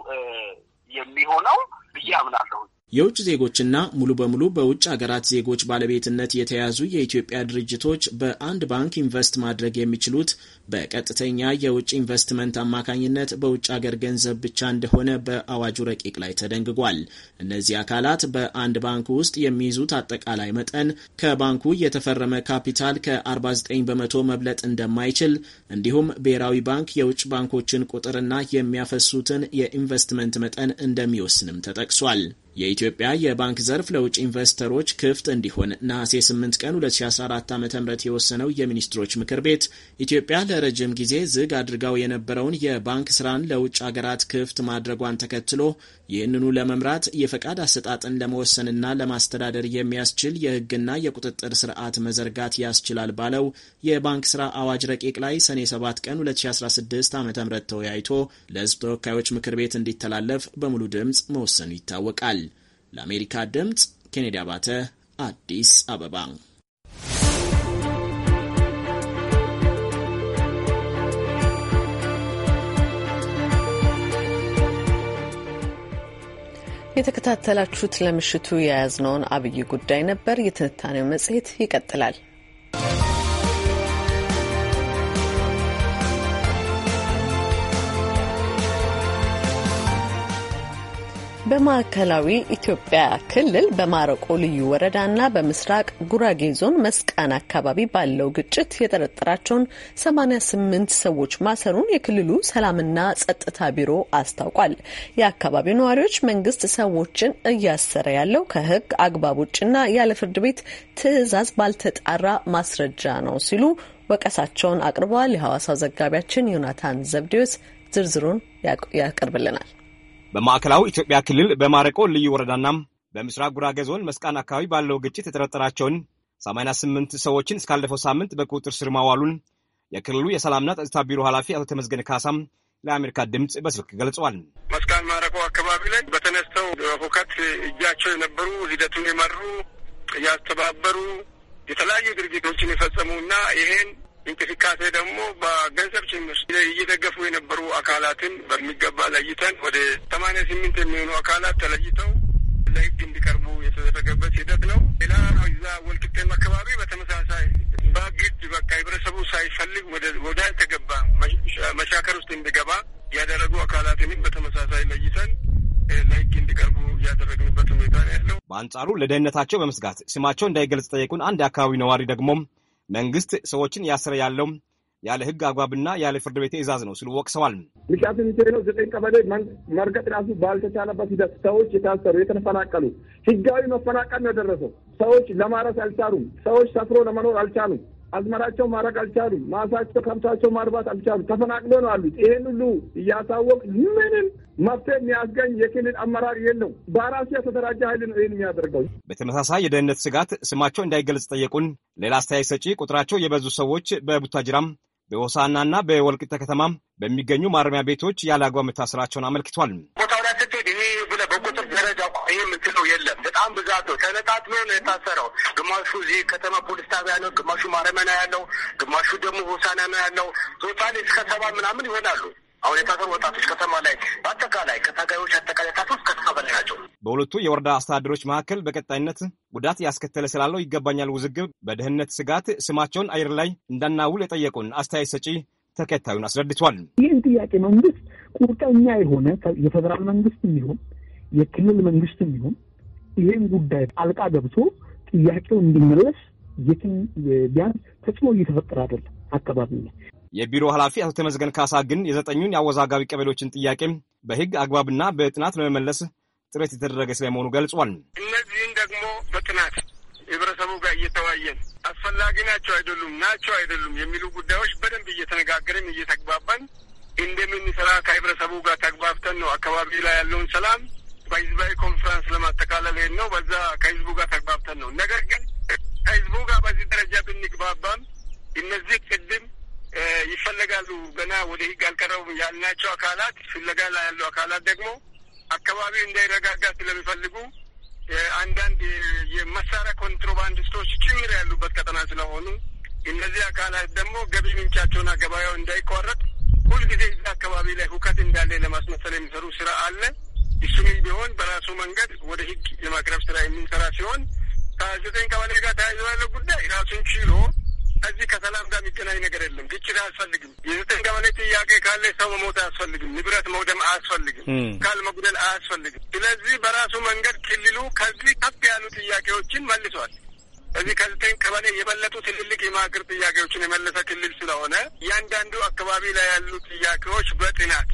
የሚሆነው ብዬ አምናለሁ። የውጭ ዜጎችና ሙሉ በሙሉ በውጭ ሀገራት ዜጎች ባለቤትነት የተያዙ የኢትዮጵያ ድርጅቶች በአንድ ባንክ ኢንቨስት ማድረግ የሚችሉት በቀጥተኛ የውጭ ኢንቨስትመንት አማካኝነት በውጭ አገር ገንዘብ ብቻ እንደሆነ በአዋጁ ረቂቅ ላይ ተደንግጓል። እነዚህ አካላት በአንድ ባንክ ውስጥ የሚይዙት አጠቃላይ መጠን ከባንኩ የተፈረመ ካፒታል ከ49 በመቶ መብለጥ እንደማይችል እንዲሁም ብሔራዊ ባንክ የውጭ ባንኮችን ቁጥርና የሚያፈሱትን የኢንቨስትመንት መጠን እንደሚወስንም ተጠቅሷል። የኢትዮጵያ የባንክ ዘርፍ ለውጭ ኢንቨስተሮች ክፍት እንዲሆን ነሐሴ 8 ቀን 2014 ዓ ም የወሰነው የሚኒስትሮች ምክር ቤት ኢትዮጵያ ለረጅም ጊዜ ዝግ አድርጋው የነበረውን የባንክ ስራን ለውጭ አገራት ክፍት ማድረጓን ተከትሎ ይህንኑ ለመምራት የፈቃድ አሰጣጥን ለመወሰንና ለማስተዳደር የሚያስችል የሕግና የቁጥጥር ስርዓት መዘርጋት ያስችላል ባለው የባንክ ስራ አዋጅ ረቂቅ ላይ ሰኔ 7 ቀን 2016 ዓ ም ተወያይቶ ለሕዝብ ተወካዮች ምክር ቤት እንዲተላለፍ በሙሉ ድምፅ መወሰኑ ይታወቃል። ለአሜሪካ ድምፅ ኬኔዲ አባተ አዲስ አበባ። የተከታተላችሁት ለምሽቱ የያዝነውን አብይ ጉዳይ ነበር። የትንታኔው መጽሔት ይቀጥላል። በማዕከላዊ ኢትዮጵያ ክልል በማረቆ ልዩ ወረዳና በምስራቅ ጉራጌ ዞን መስቃን አካባቢ ባለው ግጭት የጠረጠራቸውን 88 ሰዎች ማሰሩን የክልሉ ሰላምና ጸጥታ ቢሮ አስታውቋል። የአካባቢው ነዋሪዎች መንግስት ሰዎችን እያሰረ ያለው ከህግ አግባብ ውጭና ያለ ፍርድ ቤት ትዕዛዝ ባልተጣራ ማስረጃ ነው ሲሉ ወቀሳቸውን አቅርበዋል። የሐዋሳው ዘጋቢያችን ዮናታን ዘብዴዎስ ዝርዝሩን ያቀርብልናል። በማዕከላዊ ኢትዮጵያ ክልል በማረቆ ልዩ ወረዳና በምስራቅ ጉራጌ ዞን መስቃን አካባቢ ባለው ግጭት የተጠረጠራቸውን 88 ሰዎችን እስካለፈው ሳምንት በቁጥጥር ስር ማዋሉን የክልሉ የሰላምና ጸጥታ ቢሮ ኃላፊ አቶ ተመዝገን ካሳም ለአሜሪካ ድምፅ በስልክ ገልጸዋል። መስቃን ማረቆ አካባቢ ላይ በተነስተው ሁከት እጃቸው የነበሩ ሂደቱን የመሩ እያስተባበሩ የተለያዩ ድርጊቶችን የፈጸሙና ይሄን እንቅስቃሴ ደግሞ በገንዘብ ጭምር እየደገፉ የነበሩ አካላትን በሚገባ ለይተን ወደ ሰማንያ ስምንት የሚሆኑ አካላት ተለይተው ለህግ እንዲቀርቡ የተደረገበት ሂደት ነው። ሌላ እዛ ወልቅጤም አካባቢ በተመሳሳይ በግድ በቃ ህብረተሰቡ ሳይፈልግ ወደ ተገባ መሻከር ውስጥ እንዲገባ ያደረጉ አካላትንም በተመሳሳይ ለይተን ለህግ እንዲቀርቡ እያደረግንበት ሁኔታ ነው ያለው። በአንጻሩ ለደህንነታቸው በመስጋት ስማቸው እንዳይገልጽ ጠየቁን አንድ የአካባቢ ነዋሪ ደግሞም መንግስት ሰዎችን ያስረ ያለው ያለ ህግ አግባብና ያለ ፍርድ ቤት ትእዛዝ ነው ሲሉ ወቅሰዋል። ሚኒስቴር ነው ዘጠኝ ቀበሌ መርገጥ ራሱ ባልተቻለበት ሂደት ሰዎች የታሰሩ የተፈናቀሉ ህጋዊ መፈናቀል ነው የደረሰው። ሰዎች ለማረስ አልቻሉም። ሰዎች ሰፍሮ ለመኖር አልቻሉም። አዝመራቸው ማድረግ አልቻሉም። ማሳቸው ከብታቸው ማርባት አልቻሉም። ተፈናቅሎ ነው አሉት። ይሄን ሁሉ እያሳወቅ ምንም መፍትሄ የሚያስገኝ የክልል አመራር የለው። በራሱ የተደራጀ ኃይል ነው ይህን የሚያደርገው። በተመሳሳይ የደህንነት ስጋት ስማቸው እንዳይገለጽ ጠየቁን ሌላ አስተያየት ሰጪ ቁጥራቸው የበዙ ሰዎች በቡታጅራም በሆሳናና በወልቂጤ ከተማ በሚገኙ ማረሚያ ቤቶች ያለ አግባብ መታሰራቸውን አመልክቷል። በቁጥር ደረጃ ይህ የምትለው የለም። በጣም ብዛት ነው። ተነጣጥሎ ነው የታሰረው። ግማሹ እዚህ ከተማ ፖሊስ ጣቢያ ነው ግማሹ ማረመና ያለው፣ ግማሹ ደግሞ ሆሳና ነው ያለው። ቶታል እስከ ሰባ ምናምን ይሆናሉ። አሁን የታሰሩ ወጣቶች ከተማ ላይ በአጠቃላይ ከታጋዮች አጠቃላይ ታሰሩ እስከ ሰባ በላይ ናቸው። በሁለቱ የወረዳ አስተዳደሮች መካከል በቀጣይነት ጉዳት ያስከተለ ስላለው ይገባኛል ውዝግብ በደህንነት ስጋት ስማቸውን አየር ላይ እንዳናውል የጠየቁን አስተያየት ሰጪ ተከታዩን አስረድቷል። ይህን ጥያቄ መንግስት ቁርጠኛ የሆነ የፌዴራል መንግስት የሚሆን የክልል መንግስት ይሁን ይህን ጉዳይ ጣልቃ ገብቶ ጥያቄው እንዲመለስ የትም ቢያንስ ተጽዕኖ እየተፈጠረ አይደለም አካባቢ ላይ። የቢሮ ኃላፊ አቶ ተመዝገን ካሳ ግን የዘጠኙን የአወዛጋቢ ቀበሌዎችን ጥያቄ በህግ አግባብና በጥናት ለመመለስ ጥረት የተደረገ ስለመሆኑ ገልጿል። እነዚህን ደግሞ በጥናት ህብረተሰቡ ጋር እየተዋየን አስፈላጊ ናቸው አይደሉም፣ ናቸው አይደሉም የሚሉ ጉዳዮች በደንብ እየተነጋገርን እየተግባባን እንደምንሰራ ከህብረተሰቡ ጋር ተግባብተን ነው አካባቢ ላይ ያለውን ሰላም በህዝባዊ ኮንፈረንስ ለማጠቃለል ነው። በዛ ከህዝቡ ጋር ተግባብተን ነው። ነገር ግን ከህዝቡ ጋር በዚህ ደረጃ ብንግባባም እነዚህ ቅድም ይፈለጋሉ ገና ወደ ህግ አልቀረቡም ያልናቸው አካላት ፍለጋ ላይ ያሉ አካላት ደግሞ አካባቢ እንዳይረጋጋ ስለሚፈልጉ አንዳንድ የመሳሪያ ኮንትሮባንዲስቶች ጭምር ያሉበት ቀጠና ስለሆኑ እነዚህ አካላት ደግሞ ገቢ ምንጫቸውና ገበያው እንዳይቋረጥ ሁልጊዜ እዛ አካባቢ ላይ ሁከት እንዳለ ለማስመሰል የሚሰሩ ስራ አለ። እሱንም ቢሆን በራሱ መንገድ ወደ ህግ የማቅረብ ስራ የምንሰራ ሲሆን ከዘጠኝ ቀበሌ ጋር ተያይዞ ያለው ጉዳይ ራሱን ችሎ ከዚህ ከሰላም ጋር የሚገናኝ ነገር የለም። ግጭት አያስፈልግም። የዘጠኝ ቀበሌ ጥያቄ ካለ ሰው መሞት አያስፈልግም። ንብረት መውደም አያስፈልግም። ካል መጉደል አያስፈልግም። ስለዚህ በራሱ መንገድ ክልሉ ከዚህ ከፍ ያሉ ጥያቄዎችን መልሷል። እዚህ ከዘጠኝ ቀበሌ የበለጡ ትልልቅ የማቅር ጥያቄዎችን የመለሰ ክልል ስለሆነ እያንዳንዱ አካባቢ ላይ ያሉ ጥያቄዎች በጥናት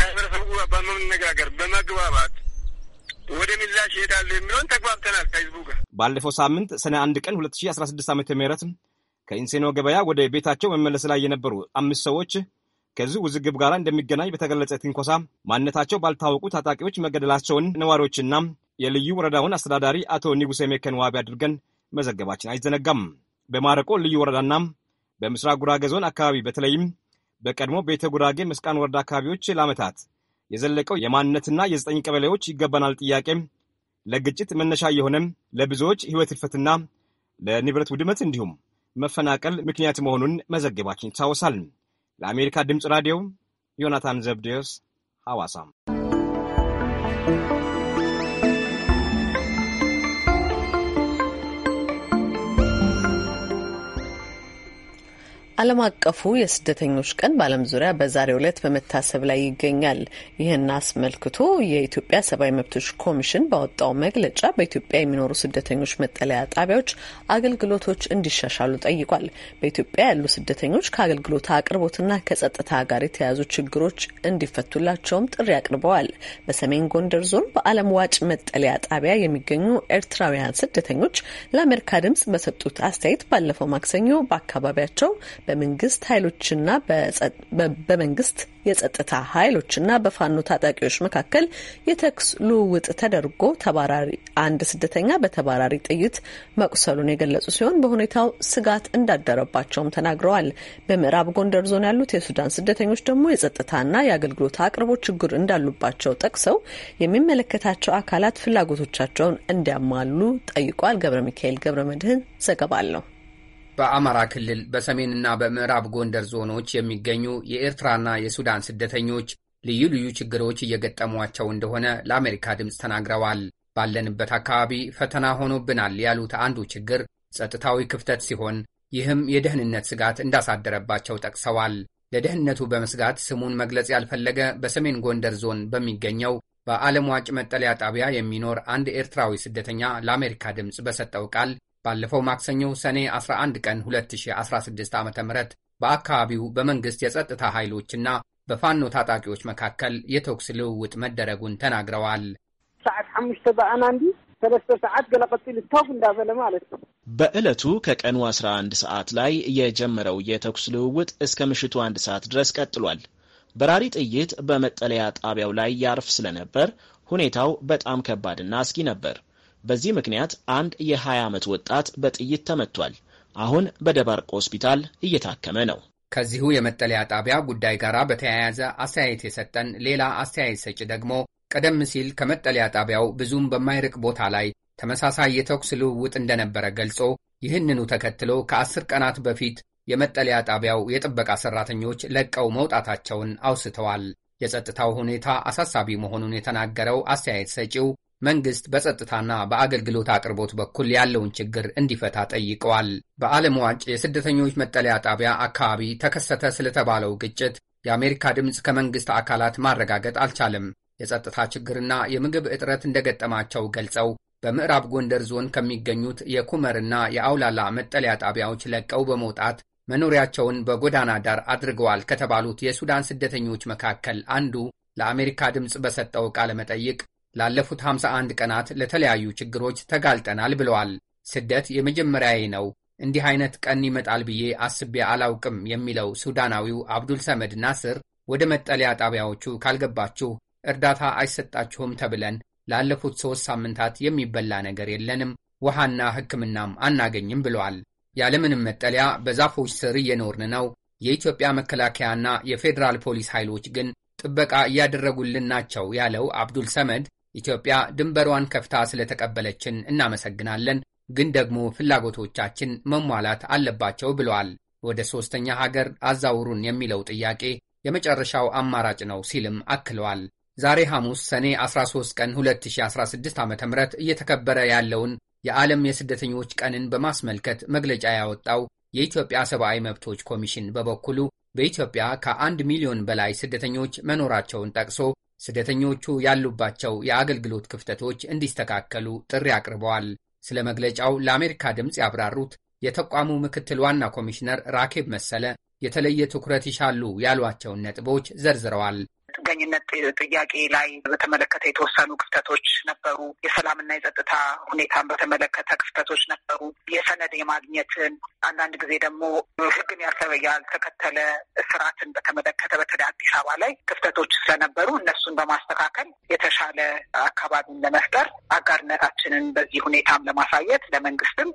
ከህብረተሰቡ ጋር በመነጋገር በመግባባት ወደ ሚላሽ ይሄዳሉ የሚለውን ተግባብተናል ከህዝቡ ጋር። ባለፈው ሳምንት ሰኔ አንድ ቀን ሁለት ሺ አስራ ስድስት ምህረት ከኢንሴኖ ገበያ ወደ ቤታቸው መመለስ ላይ የነበሩ አምስት ሰዎች ከዚህ ውዝግብ ጋር እንደሚገናኝ በተገለጸ ትንኮሳ ማንነታቸው ባልታወቁ ታጣቂዎች መገደላቸውን ነዋሪዎችና የልዩ ወረዳውን አስተዳዳሪ አቶ ኒጉሴ ሜከን ዋቢ አድርገን መዘገባችን አይዘነጋም። በማረቆ ልዩ ወረዳና በምስራቅ ጉራጌ ዞን አካባቢ በተለይም በቀድሞ ቤተ ጉራጌ መስቃን ወረዳ አካባቢዎች ለዓመታት የዘለቀው የማንነትና የዘጠኝ ቀበሌዎች ይገባናል ጥያቄም ለግጭት መነሻ የሆነም ለብዙዎች ሕይወት እልፈትና ለንብረት ውድመት እንዲሁም መፈናቀል ምክንያት መሆኑን መዘገባችን ይታወሳል። ለአሜሪካ ድምፅ ራዲዮ ዮናታን ዘብዴዎስ ሐዋሳም ዓለም አቀፉ የስደተኞች ቀን በዓለም ዙሪያ በዛሬው ዕለት በመታሰብ ላይ ይገኛል። ይህን አስመልክቶ የኢትዮጵያ ሰብአዊ መብቶች ኮሚሽን ባወጣው መግለጫ በኢትዮጵያ የሚኖሩ ስደተኞች መጠለያ ጣቢያዎች አገልግሎቶች እንዲሻሻሉ ጠይቋል። በኢትዮጵያ ያሉ ስደተኞች ከአገልግሎት አቅርቦትና ከጸጥታ ጋር የተያያዙ ችግሮች እንዲፈቱላቸውም ጥሪ አቅርበዋል። በሰሜን ጎንደር ዞን በዓለም ዋጭ መጠለያ ጣቢያ የሚገኙ ኤርትራውያን ስደተኞች ለአሜሪካ ድምጽ በሰጡት አስተያየት ባለፈው ማክሰኞ በአካባቢያቸው በመንግስት ኃይሎችና በመንግስት የጸጥታ ኃይሎችና በፋኖ ታጣቂዎች መካከል የተኩስ ልውውጥ ተደርጎ ተባራሪ አንድ ስደተኛ በተባራሪ ጥይት መቁሰሉን የገለጹ ሲሆን በሁኔታው ስጋት እንዳደረባቸውም ተናግረዋል። በምዕራብ ጎንደር ዞን ያሉት የሱዳን ስደተኞች ደግሞ የጸጥታና የአገልግሎት አቅርቦት ችግር እንዳሉባቸው ጠቅሰው የሚመለከታቸው አካላት ፍላጎቶቻቸውን እንዲያሟሉ ጠይቋል። ገብረ ሚካኤል ገብረ መድህን ዘገባ አለው። በአማራ ክልል በሰሜንና በምዕራብ ጎንደር ዞኖች የሚገኙ የኤርትራና የሱዳን ስደተኞች ልዩ ልዩ ችግሮች እየገጠሟቸው እንደሆነ ለአሜሪካ ድምፅ ተናግረዋል። ባለንበት አካባቢ ፈተና ሆኖብናል ያሉት አንዱ ችግር ጸጥታዊ ክፍተት ሲሆን ይህም የደህንነት ስጋት እንዳሳደረባቸው ጠቅሰዋል። ለደህንነቱ በመስጋት ስሙን መግለጽ ያልፈለገ በሰሜን ጎንደር ዞን በሚገኘው በዓለም ዋጭ መጠለያ ጣቢያ የሚኖር አንድ ኤርትራዊ ስደተኛ ለአሜሪካ ድምፅ በሰጠው ቃል ባለፈው ማክሰኞ ሰኔ 11 ቀን 2016 ዓ ም በአካባቢው በመንግሥት የጸጥታ ኃይሎችና በፋኖ ታጣቂዎች መካከል የተኩስ ልውውጥ መደረጉን ተናግረዋል። ሰዓት ሓሙሽተ በኣና እንዲ ሰለስተ ሰዓት ገለ ቀጢል ተኩስ እንዳበለ ማለት ነው። በዕለቱ ከቀኑ 11 ሰዓት ላይ የጀመረው የተኩስ ልውውጥ እስከ ምሽቱ አንድ ሰዓት ድረስ ቀጥሏል። በራሪ ጥይት በመጠለያ ጣቢያው ላይ ያርፍ ስለነበር ሁኔታው በጣም ከባድና አስጊ ነበር። በዚህ ምክንያት አንድ የ20 ዓመት ወጣት በጥይት ተመቷል። አሁን በደባርቅ ሆስፒታል እየታከመ ነው። ከዚሁ የመጠለያ ጣቢያ ጉዳይ ጋር በተያያዘ አስተያየት የሰጠን ሌላ አስተያየት ሰጪ ደግሞ ቀደም ሲል ከመጠለያ ጣቢያው ብዙም በማይርቅ ቦታ ላይ ተመሳሳይ የተኩስ ልውውጥ እንደነበረ ገልጾ ይህንኑ ተከትሎ ከአስር ቀናት በፊት የመጠለያ ጣቢያው የጥበቃ ሠራተኞች ለቀው መውጣታቸውን አውስተዋል። የጸጥታው ሁኔታ አሳሳቢ መሆኑን የተናገረው አስተያየት ሰጪው መንግስት በጸጥታና በአገልግሎት አቅርቦት በኩል ያለውን ችግር እንዲፈታ ጠይቀዋል። በዓለም ዋጭ የስደተኞች መጠለያ ጣቢያ አካባቢ ተከሰተ ስለተባለው ግጭት የአሜሪካ ድምፅ ከመንግስት አካላት ማረጋገጥ አልቻለም። የጸጥታ ችግርና የምግብ እጥረት እንደገጠማቸው ገልጸው በምዕራብ ጎንደር ዞን ከሚገኙት የኩመርና የአውላላ መጠለያ ጣቢያዎች ለቀው በመውጣት መኖሪያቸውን በጎዳና ዳር አድርገዋል ከተባሉት የሱዳን ስደተኞች መካከል አንዱ ለአሜሪካ ድምፅ በሰጠው ቃለ መጠይቅ ላለፉት 51 ቀናት ለተለያዩ ችግሮች ተጋልጠናል ብለዋል። ስደት የመጀመሪያዬ ነው። እንዲህ አይነት ቀን ይመጣል ብዬ አስቤ አላውቅም የሚለው ሱዳናዊው አብዱል ሰመድ ናስር ወደ መጠለያ ጣቢያዎቹ ካልገባችሁ እርዳታ አይሰጣችሁም ተብለን ላለፉት ሦስት ሳምንታት የሚበላ ነገር የለንም፣ ውሃና ሕክምናም አናገኝም ብለዋል። ያለምንም መጠለያ በዛፎች ስር እየኖርን ነው። የኢትዮጵያ መከላከያና የፌዴራል ፖሊስ ኃይሎች ግን ጥበቃ እያደረጉልን ናቸው ያለው አብዱል ሰመድ ኢትዮጵያ ድንበሯን ከፍታ ስለተቀበለችን እናመሰግናለን፣ ግን ደግሞ ፍላጎቶቻችን መሟላት አለባቸው ብለዋል። ወደ ሦስተኛ ሀገር አዛውሩን የሚለው ጥያቄ የመጨረሻው አማራጭ ነው ሲልም አክለዋል። ዛሬ ሐሙስ ሰኔ 13 ቀን 2016 ዓ ም እየተከበረ ያለውን የዓለም የስደተኞች ቀንን በማስመልከት መግለጫ ያወጣው የኢትዮጵያ ሰብአዊ መብቶች ኮሚሽን በበኩሉ በኢትዮጵያ ከአንድ ሚሊዮን በላይ ስደተኞች መኖራቸውን ጠቅሶ ስደተኞቹ ያሉባቸው የአገልግሎት ክፍተቶች እንዲስተካከሉ ጥሪ አቅርበዋል። ስለ መግለጫው ለአሜሪካ ድምፅ ያብራሩት የተቋሙ ምክትል ዋና ኮሚሽነር ራኬብ መሰለ የተለየ ትኩረት ይሻሉ ያሏቸውን ነጥቦች ዘርዝረዋል። የሽብርተኝነት ጥያቄ ላይ በተመለከተ የተወሰኑ ክፍተቶች ነበሩ። የሰላምና የጸጥታ ሁኔታን በተመለከተ ክፍተቶች ነበሩ። የሰነድ የማግኘትን አንዳንድ ጊዜ ደግሞ ሕግን ያልተከተለ ስርዓትን በተመለከተ በተለይ አዲስ አበባ ላይ ክፍተቶች ስለነበሩ እነሱን በማስተካከል የተሻለ አካባቢን ለመፍጠር አጋርነታችንን በዚህ ሁኔታም ለማሳየት ለመንግስትም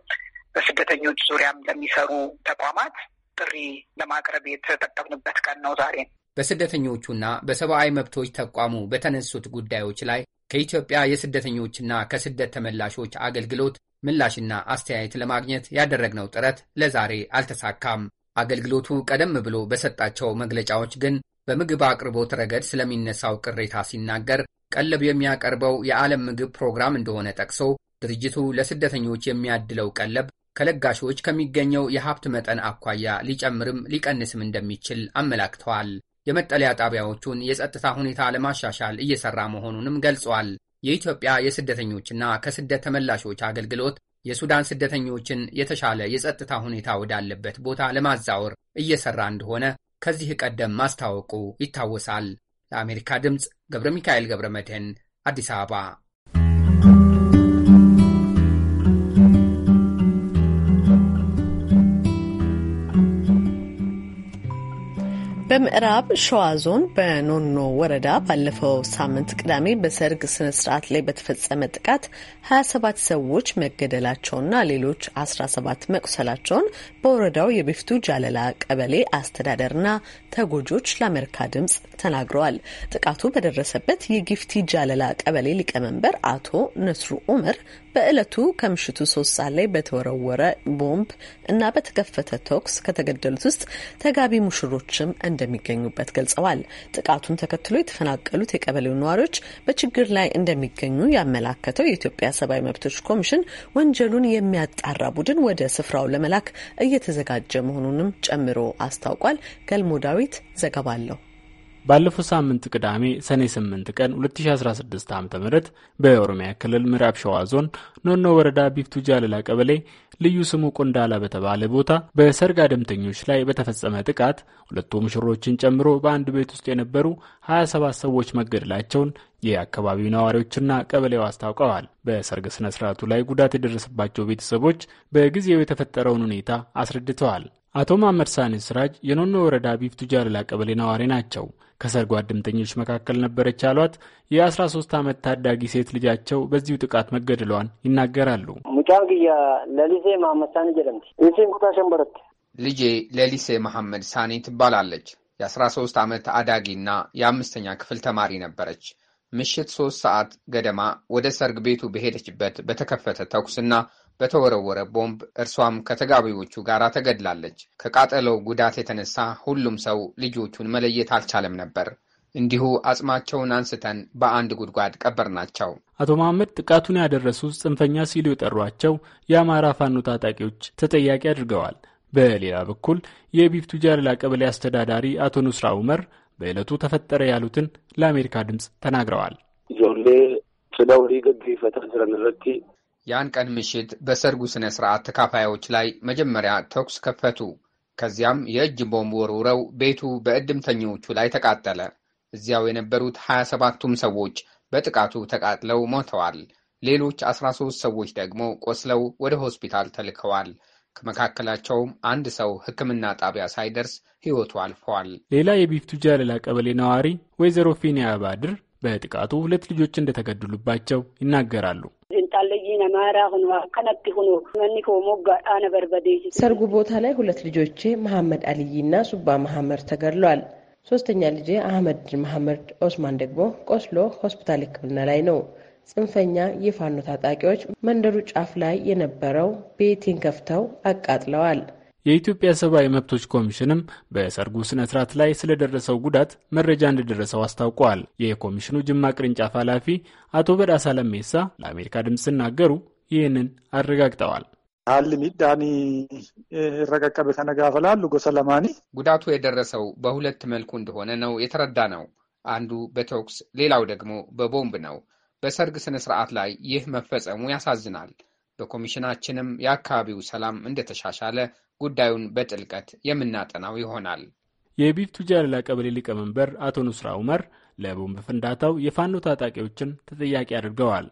በስደተኞች ዙሪያም ለሚሰሩ ተቋማት ጥሪ ለማቅረብ የተጠቀምንበት ቀን ነው ዛሬ። በስደተኞቹና በሰብአዊ መብቶች ተቋሙ በተነሱት ጉዳዮች ላይ ከኢትዮጵያ የስደተኞችና ከስደት ተመላሾች አገልግሎት ምላሽና አስተያየት ለማግኘት ያደረግነው ጥረት ለዛሬ አልተሳካም። አገልግሎቱ ቀደም ብሎ በሰጣቸው መግለጫዎች ግን በምግብ አቅርቦት ረገድ ስለሚነሳው ቅሬታ ሲናገር ቀለብ የሚያቀርበው የዓለም ምግብ ፕሮግራም እንደሆነ ጠቅሶ ድርጅቱ ለስደተኞች የሚያድለው ቀለብ ከለጋሾች ከሚገኘው የሀብት መጠን አኳያ ሊጨምርም ሊቀንስም እንደሚችል አመላክተዋል። የመጠለያ ጣቢያዎቹን የጸጥታ ሁኔታ ለማሻሻል እየሰራ መሆኑንም ገልጿል። የኢትዮጵያ የስደተኞችና ከስደት ተመላሾች አገልግሎት የሱዳን ስደተኞችን የተሻለ የጸጥታ ሁኔታ ወዳለበት ቦታ ለማዛወር እየሰራ እንደሆነ ከዚህ ቀደም ማስታወቁ ይታወሳል። ለአሜሪካ ድምፅ ገብረ ሚካኤል ገብረ መድህን አዲስ አበባ በምዕራብ ሸዋ ዞን በኖኖ ወረዳ ባለፈው ሳምንት ቅዳሜ በሰርግ ስነ ስርዓት ላይ በተፈጸመ ጥቃት 27 ሰዎች መገደላቸውና ሌሎች 17 መቁሰላቸውን በወረዳው የቢፍቱ ጃለላ ቀበሌ አስተዳደርና ተጎጆች ለአሜሪካ ድምጽ ተናግረዋል። ጥቃቱ በደረሰበት የጊፍቲ ጃለላ ቀበሌ ሊቀመንበር አቶ ነስሩ ኡመር በዕለቱ ከምሽቱ ሶስት ሰዓት ላይ በተወረወረ ቦምብ እና በተከፈተ ተኩስ ከተገደሉት ውስጥ ተጋቢ ሙሽሮችም እንደሚገኙበት ገልጸዋል። ጥቃቱን ተከትሎ የተፈናቀሉት የቀበሌው ነዋሪዎች በችግር ላይ እንደሚገኙ ያመላከተው የኢትዮጵያ ሰብአዊ መብቶች ኮሚሽን ወንጀሉን የሚያጣራ ቡድን ወደ ስፍራው ለመላክ እየተዘጋጀ መሆኑንም ጨምሮ አስታውቋል። ገልሞ ዳዊት ዘገባ አለው። ባለፈው ሳምንት ቅዳሜ ሰኔ 8 ቀን 2016 ዓ ም በኦሮሚያ ክልል ምዕራብ ሸዋ ዞን ኖኖ ወረዳ ቢፍቱ ጃልላ ቀበሌ ልዩ ስሙ ቆንዳላ በተባለ ቦታ በሰርግ አደምተኞች ላይ በተፈጸመ ጥቃት ሁለቱ ሙሽሮችን ጨምሮ በአንድ ቤት ውስጥ የነበሩ 27 ሰዎች መገደላቸውን የአካባቢው ነዋሪዎችና ቀበሌው አስታውቀዋል። በሰርግ ስነ ስርዓቱ ላይ ጉዳት የደረሰባቸው ቤተሰቦች በጊዜው የተፈጠረውን ሁኔታ አስረድተዋል። አቶ ማመድ ሳኔ ስራጅ የኖኖ ወረዳ ቢፍቱ ጃልላ ቀበሌ ነዋሪ ናቸው። ከሰርጉ አድምተኞች መካከል ነበረች ያሏት የ13 ዓመት ታዳጊ ሴት ልጃቸው በዚሁ ጥቃት መገደሏን ይናገራሉ። ሙጫን ግያ ለሊሴ መሐመድ ሳኒ ጀለምቲ ኢሲን ሸንበረት ልጄ ለሊሴ መሐመድ ሳኒ ትባላለች። የ13 ዓመት አዳጊና የአምስተኛ ክፍል ተማሪ ነበረች። ምሽት ሶስት ሰዓት ገደማ ወደ ሰርግ ቤቱ በሄደችበት በተከፈተ ተኩስና በተወረወረ ቦምብ እርሷም ከተጋቢዎቹ ጋር ተገድላለች። ከቃጠለው ጉዳት የተነሳ ሁሉም ሰው ልጆቹን መለየት አልቻለም ነበር። እንዲሁ አጽማቸውን አንስተን በአንድ ጉድጓድ ቀበርናቸው። አቶ መሐመድ ጥቃቱን ያደረሱት ጽንፈኛ ሲሉ የጠሯቸው የአማራ ፋኖ ታጣቂዎች ተጠያቂ አድርገዋል። በሌላ በኩል የቢፍቱ ጃለላ ቀበሌ አስተዳዳሪ አቶ ኑስራ ኡመር በዕለቱ ተፈጠረ ያሉትን ለአሜሪካ ድምፅ ተናግረዋል። ጆሌ ስዳው ገጌ ፈታ ስረንረቲ ያን ቀን ምሽት በሰርጉ ሥነ ሥርዓት ተካፋዮች ላይ መጀመሪያ ተኩስ ከፈቱ። ከዚያም የእጅ ቦምብ ወርውረው ቤቱ በእድምተኞቹ ላይ ተቃጠለ። እዚያው የነበሩት 27ቱም ሰዎች በጥቃቱ ተቃጥለው ሞተዋል። ሌሎች 13 ሰዎች ደግሞ ቆስለው ወደ ሆስፒታል ተልከዋል። ከመካከላቸውም አንድ ሰው ሕክምና ጣቢያ ሳይደርስ ሕይወቱ አልፈዋል። ሌላ የቢፍቱ ጃለላ ቀበሌ ነዋሪ ወይዘሮ ፊኒያ ባድር በጥቃቱ ሁለት ልጆች እንደተገደሉባቸው ይናገራሉ። ሳለይነ ማራ ሁኑ አከነት ሁኑ መኒ ሆሞ በርበዴ ሰርጉ ቦታ ላይ ሁለት ልጆቼ መሐመድ አልይና ሱባ መሐመድ ተገድለዋል። ሶስተኛ ልጄ አህመድ መሐመድ ኦስማን ደግሞ ቆስሎ ሆስፒታል ሕክምና ላይ ነው። ጽንፈኛ የፋኖ ታጣቂዎች መንደሩ ጫፍ ላይ የነበረው ቤቴን ከፍተው አቃጥለዋል። የኢትዮጵያ ሰብአዊ መብቶች ኮሚሽንም በሰርጉ ስነ ስርዓት ላይ ስለደረሰው ጉዳት መረጃ እንደደረሰው አስታውቋል። የኮሚሽኑ ጅማ ቅርንጫፍ ኃላፊ አቶ በዳሳ ለሜሳ ለአሜሪካ ድምፅ ሲናገሩ ይህንን አረጋግጠዋል። ሀል ረቀቀበ ተነጋፈላሉ ጎሰ ለማኒ ጉዳቱ የደረሰው በሁለት መልኩ እንደሆነ ነው የተረዳ ነው። አንዱ በተኩስ ሌላው ደግሞ በቦምብ ነው። በሰርግ ስነ ስርዓት ላይ ይህ መፈጸሙ ያሳዝናል። በኮሚሽናችንም የአካባቢው ሰላም እንደተሻሻለ ጉዳዩን በጥልቀት የምናጠናው ይሆናል። የቢፍቱ ጃለላ ቀበሌ ሊቀመንበር አቶ ኑስራ ኡመር ለቦምብ ፍንዳታው የፋኖ ታጣቂዎችን ተጠያቂ አድርገዋል።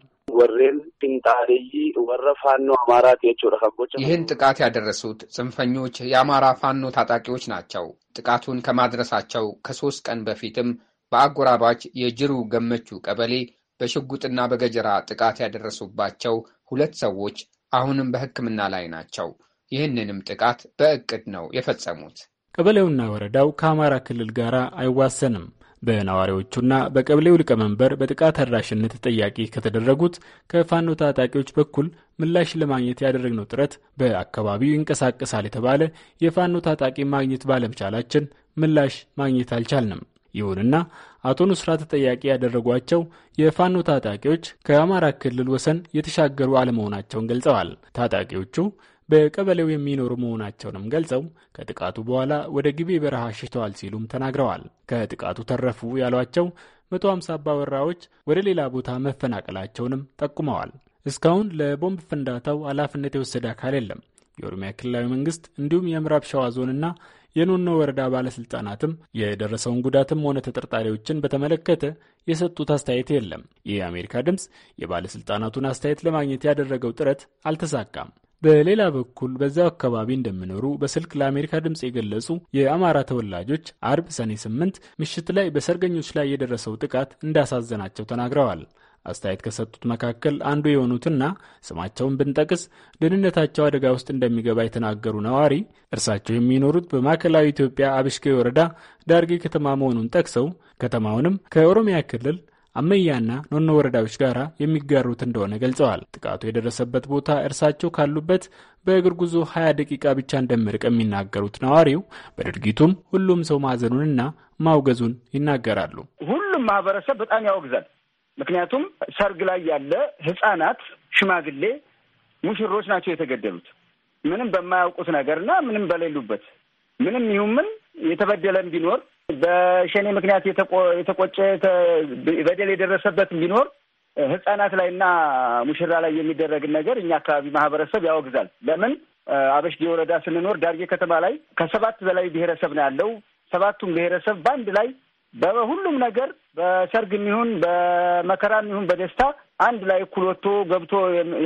ይህን ጥቃት ያደረሱት ጽንፈኞች የአማራ ፋኖ ታጣቂዎች ናቸው። ጥቃቱን ከማድረሳቸው ከሶስት ቀን በፊትም በአጎራባች የጅሩ ገመቹ ቀበሌ በሽጉጥና በገጀራ ጥቃት ያደረሱባቸው ሁለት ሰዎች አሁንም በሕክምና ላይ ናቸው። ይህንንም ጥቃት በእቅድ ነው የፈጸሙት። ቀበሌውና ወረዳው ከአማራ ክልል ጋር አይዋሰንም። በነዋሪዎቹና በቀበሌው ሊቀመንበር በጥቃት አድራሽነት ተጠያቂ ከተደረጉት ከፋኖ ታጣቂዎች በኩል ምላሽ ለማግኘት ያደረግነው ጥረት በአካባቢው ይንቀሳቀሳል የተባለ የፋኖ ታጣቂ ማግኘት ባለመቻላችን ምላሽ ማግኘት አልቻልንም። ይሁንና አቶ ኑስራ ተጠያቂ ያደረጓቸው የፋኖ ታጣቂዎች ከአማራ ክልል ወሰን የተሻገሩ አለመሆናቸውን ገልጸዋል። ታጣቂዎቹ በቀበሌው የሚኖሩ መሆናቸውንም ገልጸው ከጥቃቱ በኋላ ወደ ግቤ በረሃ ሽተዋል ሲሉም ተናግረዋል። ከጥቃቱ ተረፉ ያሏቸው 150 አባወራዎች ወደ ሌላ ቦታ መፈናቀላቸውንም ጠቁመዋል። እስካሁን ለቦምብ ፍንዳታው ኃላፊነት የወሰደ አካል የለም። የኦሮሚያ ክልላዊ መንግስት እንዲሁም የምዕራብ ሸዋ ዞንና የኖኖ ወረዳ ባለስልጣናትም የደረሰውን ጉዳትም ሆነ ተጠርጣሪዎችን በተመለከተ የሰጡት አስተያየት የለም። ይህ የአሜሪካ ድምፅ የባለስልጣናቱን አስተያየት ለማግኘት ያደረገው ጥረት አልተሳካም። በሌላ በኩል በዚያው አካባቢ እንደሚኖሩ በስልክ ለአሜሪካ ድምፅ የገለጹ የአማራ ተወላጆች አርብ ሰኔ ስምንት ምሽት ላይ በሰርገኞች ላይ የደረሰው ጥቃት እንዳሳዘናቸው ተናግረዋል። አስተያየት ከሰጡት መካከል አንዱ የሆኑትና ስማቸውን ብንጠቅስ ደህንነታቸው አደጋ ውስጥ እንደሚገባ የተናገሩ ነዋሪ እርሳቸው የሚኖሩት በማዕከላዊ ኢትዮጵያ አብሽጌ ወረዳ ዳርጌ ከተማ መሆኑን ጠቅሰው ከተማውንም ከኦሮሚያ ክልል አመያና ኖኖ ወረዳዎች ጋር የሚጋሩት እንደሆነ ገልጸዋል። ጥቃቱ የደረሰበት ቦታ እርሳቸው ካሉበት በእግር ጉዞ 20 ደቂቃ ብቻ እንደሚርቅ የሚናገሩት ነዋሪው በድርጊቱም ሁሉም ሰው ማዘኑንና ማውገዙን ይናገራሉ። ሁሉም ማህበረሰብ በጣም ያወግዛል። ምክንያቱም ሰርግ ላይ ያለ ህጻናት፣ ሽማግሌ፣ ሙሽሮች ናቸው የተገደሉት። ምንም በማያውቁት ነገርና ምንም በሌሉበት ምንም ይሁን ምን የተበደለም ቢኖር በሸኔ ምክንያት የተቆጨ በደል የደረሰበት ቢኖር ህጻናት ላይና ሙሽራ ላይ የሚደረግን ነገር እኛ አካባቢ ማህበረሰብ ያወግዛል። ለምን አበሽጌ ወረዳ ስንኖር ዳርጌ ከተማ ላይ ከሰባት በላይ ብሔረሰብ ነው ያለው። ሰባቱም ብሔረሰብ በአንድ ላይ በሁሉም ነገር በሰርግ ይሁን በመከራም ይሁን በደስታ አንድ ላይ እኩል ወጥቶ ገብቶ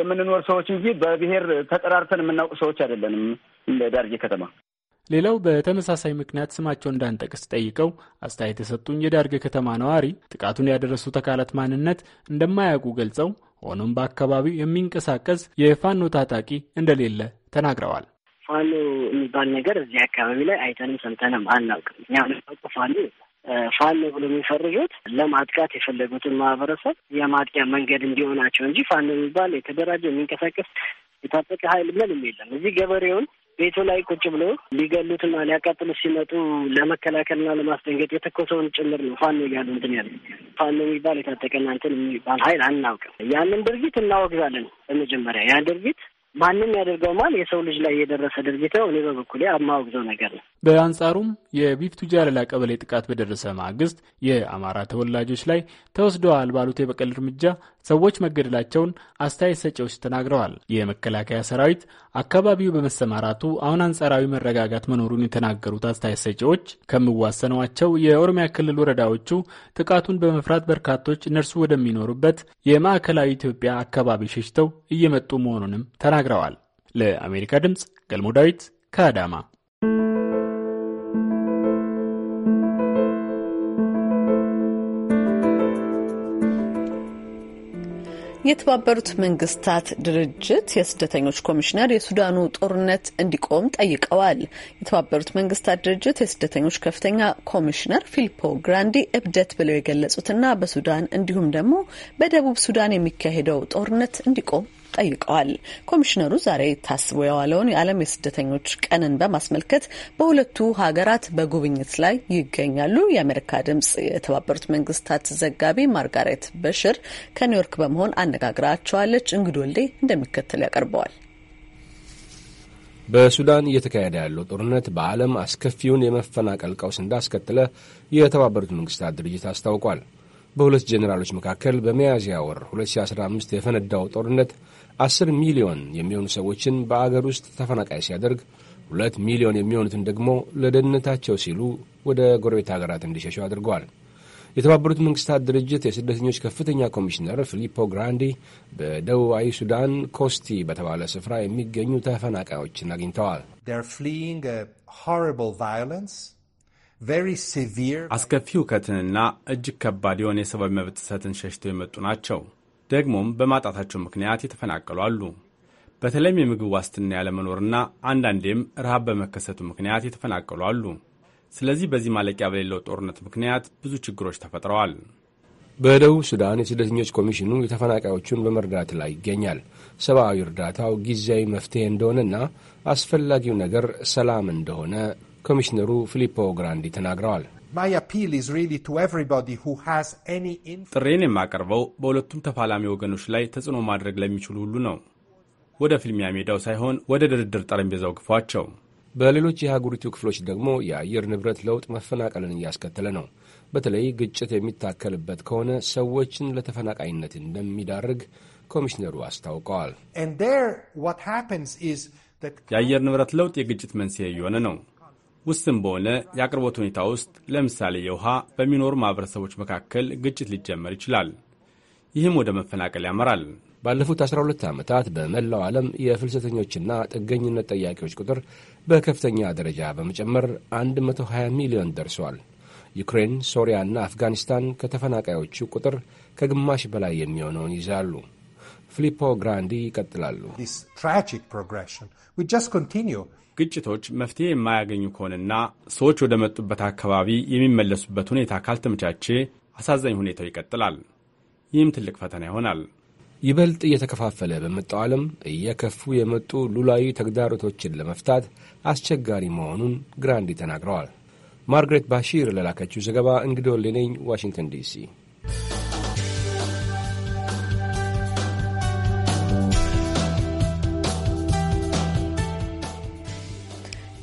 የምንኖር ሰዎች እንጂ በብሔር ተጠራርተን የምናውቅ ሰዎች አይደለንም። ዳርጌ ከተማ ሌላው በተመሳሳይ ምክንያት ስማቸው እንዳንጠቅስ ጠይቀው አስተያየት የሰጡኝ የዳርጌ ከተማ ነዋሪ ጥቃቱን ያደረሱት አካላት ማንነት እንደማያውቁ ገልጸው ሆኖም በአካባቢው የሚንቀሳቀስ የፋኖ ታጣቂ እንደሌለ ተናግረዋል። ፋኖ የሚባል ነገር እዚህ አካባቢ ላይ አይተንም ሰምተንም አናውቅም። ፋኖ ፋኖ ብሎ የሚፈርጁት ለማጥቃት የፈለጉትን ማህበረሰብ የማጥቂያ መንገድ እንዲሆናቸው እንጂ ፋኖ የሚባል የተደራጀ የሚንቀሳቀስ የታጠቀ ኃይል ምንም የለም። እዚህ ገበሬውን ቤቱ ላይ ቁጭ ብሎ ሊገሉትና ሊያቃጥሉት ሲመጡ ለመከላከልና ለማስደንገጥ የተኮሰውን ጭምር ነው ፋኖ እያሉ እንትን ያለ ፋኖ የሚባል የታጠቀና እንትን የሚባል ኃይል አናውቅም። ያንን ድርጊት እናወግዛለን። በመጀመሪያ ያ ድርጊት ማንም ያደርገው ማል የሰው ልጅ ላይ የደረሰ ድርጊት ነው። እኔ በበኩሌ አማወግዘው ነገር ነው። በአንጻሩም የቢፍቱ ጃለላ ቀበሌ ጥቃት በደረሰ ማግስት የአማራ ተወላጆች ላይ ተወስደዋል ባሉት የበቀል እርምጃ ሰዎች መገደላቸውን አስተያየት ሰጪዎች ተናግረዋል። የመከላከያ ሰራዊት አካባቢው በመሰማራቱ አሁን አንጻራዊ መረጋጋት መኖሩን የተናገሩት አስተያየት ሰጪዎች ከሚዋሰኗቸው የኦሮሚያ ክልል ወረዳዎቹ ጥቃቱን በመፍራት በርካቶች እነርሱ ወደሚኖሩበት የማዕከላዊ ኢትዮጵያ አካባቢ ሸሽተው እየመጡ መሆኑንም ተናግረዋል። ተናግረዋል። ለአሜሪካ ድምፅ ገልሞ ዳዊት ከአዳማ። የተባበሩት መንግስታት ድርጅት የስደተኞች ኮሚሽነር የሱዳኑ ጦርነት እንዲቆም ጠይቀዋል። የተባበሩት መንግስታት ድርጅት የስደተኞች ከፍተኛ ኮሚሽነር ፊሊፖ ግራንዲ እብደት ብለው የገለጹትና በሱዳን እንዲሁም ደግሞ በደቡብ ሱዳን የሚካሄደው ጦርነት እንዲቆም ጠይቀዋል። ኮሚሽነሩ ዛሬ ታስቦ የዋለውን የዓለም የስደተኞች ቀንን በማስመልከት በሁለቱ ሀገራት በጉብኝት ላይ ይገኛሉ። የአሜሪካ ድምጽ የተባበሩት መንግስታት ዘጋቢ ማርጋሬት በሽር ከኒውዮርክ በመሆን አነጋግራቸዋለች። እንግዶ ወልዴ እንደሚከተል ያቀርበዋል። በሱዳን እየተካሄደ ያለው ጦርነት በዓለም አስከፊውን የመፈናቀል ቀውስ እንዳስከተለ የተባበሩት መንግስታት ድርጅት አስታውቋል። በሁለት ጄኔራሎች መካከል በሚያዝያ ወር 2015 የፈነዳው ጦርነት አስር ሚሊዮን የሚሆኑ ሰዎችን በአገር ውስጥ ተፈናቃይ ሲያደርግ ሁለት ሚሊዮን የሚሆኑትን ደግሞ ለደህንነታቸው ሲሉ ወደ ጎረቤት ሀገራት እንዲሸሹ አድርገዋል። የተባበሩት መንግስታት ድርጅት የስደተኞች ከፍተኛ ኮሚሽነር ፊሊፖ ግራንዲ በደቡባዊ ሱዳን ኮስቲ በተባለ ስፍራ የሚገኙ ተፈናቃዮችን አግኝተዋል። አስከፊ ሁከትንና እጅግ ከባድ የሆነ የሰብአዊ መብት ጥሰትን ሸሽተው የመጡ ናቸው። ደግሞም በማጣታቸው ምክንያት የተፈናቀሉ አሉ። በተለይም የምግብ ዋስትና ያለመኖርና አንዳንዴም ረሃብ በመከሰቱ ምክንያት የተፈናቀሉ አሉ። ስለዚህ በዚህ ማለቂያ በሌለው ጦርነት ምክንያት ብዙ ችግሮች ተፈጥረዋል። በደቡብ ሱዳን የስደተኞች ኮሚሽኑ የተፈናቃዮቹን በመርዳት ላይ ይገኛል። ሰብአዊ እርዳታው ጊዜያዊ መፍትሄ እንደሆነና አስፈላጊው ነገር ሰላም እንደሆነ ኮሚሽነሩ ፊሊፖ ግራንዲ ተናግረዋል። ጥሬን የማቀርበው በሁለቱም ተፋላሚ ወገኖች ላይ ተጽዕኖ ማድረግ ለሚችሉ ሁሉ ነው። ወደ ፊልሚያ ሜዳው ሳይሆን ወደ ድርድር ጠረጴዛው ግፏቸው። በሌሎች የሀገሪቱ ክፍሎች ደግሞ የአየር ንብረት ለውጥ መፈናቀልን እያስከተለ ነው። በተለይ ግጭት የሚታከልበት ከሆነ ሰዎችን ለተፈናቃይነት እንደሚዳርግ ኮሚሽነሩ አስታውቀዋል። የአየር ንብረት ለውጥ የግጭት መንስኤ እየሆነ ነው። ውስን በሆነ የአቅርቦት ሁኔታ ውስጥ ለምሳሌ የውሃ በሚኖሩ ማህበረሰቦች መካከል ግጭት ሊጀመር ይችላል። ይህም ወደ መፈናቀል ያመራል። ባለፉት 12 ዓመታት በመላው ዓለም የፍልሰተኞችና ጥገኝነት ጠያቂዎች ቁጥር በከፍተኛ ደረጃ በመጨመር 120 ሚሊዮን ደርሷል። ዩክሬን፣ ሶሪያና አፍጋኒስታን ከተፈናቃዮቹ ቁጥር ከግማሽ በላይ የሚሆነውን ይዛሉ። ፊሊፖ ግራንዲ ይቀጥላሉ። ግጭቶች መፍትሄ የማያገኙ ከሆነና ሰዎች ወደ መጡበት አካባቢ የሚመለሱበት ሁኔታ ካልተመቻቼ አሳዛኝ ሁኔታው ይቀጥላል። ይህም ትልቅ ፈተና ይሆናል። ይበልጥ እየተከፋፈለ በመጣው ዓለም እየከፉ የመጡ ሉላዊ ተግዳሮቶችን ለመፍታት አስቸጋሪ መሆኑን ግራንዲ ተናግረዋል። ማርግሬት ባሺር ለላከችው ዘገባ እንግዶ ሌነኝ ዋሽንግተን ዲሲ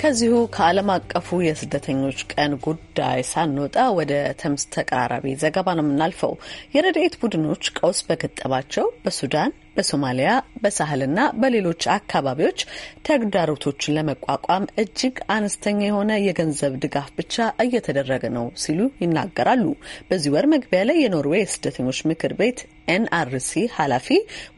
ከዚሁ ከዓለም አቀፉ የስደተኞች ቀን ጉዳይ ሳንወጣ ወደ ተምስ ተቀራራቢ ዘገባ ነው የምናልፈው። የረድኤት ቡድኖች ቀውስ በገጠባቸው በሱዳን በሶማሊያ በሳህልና በሌሎች አካባቢዎች ተግዳሮቶችን ለመቋቋም እጅግ አነስተኛ የሆነ የገንዘብ ድጋፍ ብቻ እየተደረገ ነው ሲሉ ይናገራሉ። በዚህ ወር መግቢያ ላይ የኖርዌይ የስደተኞች ምክር ቤት ኤንአርሲ ኃላፊ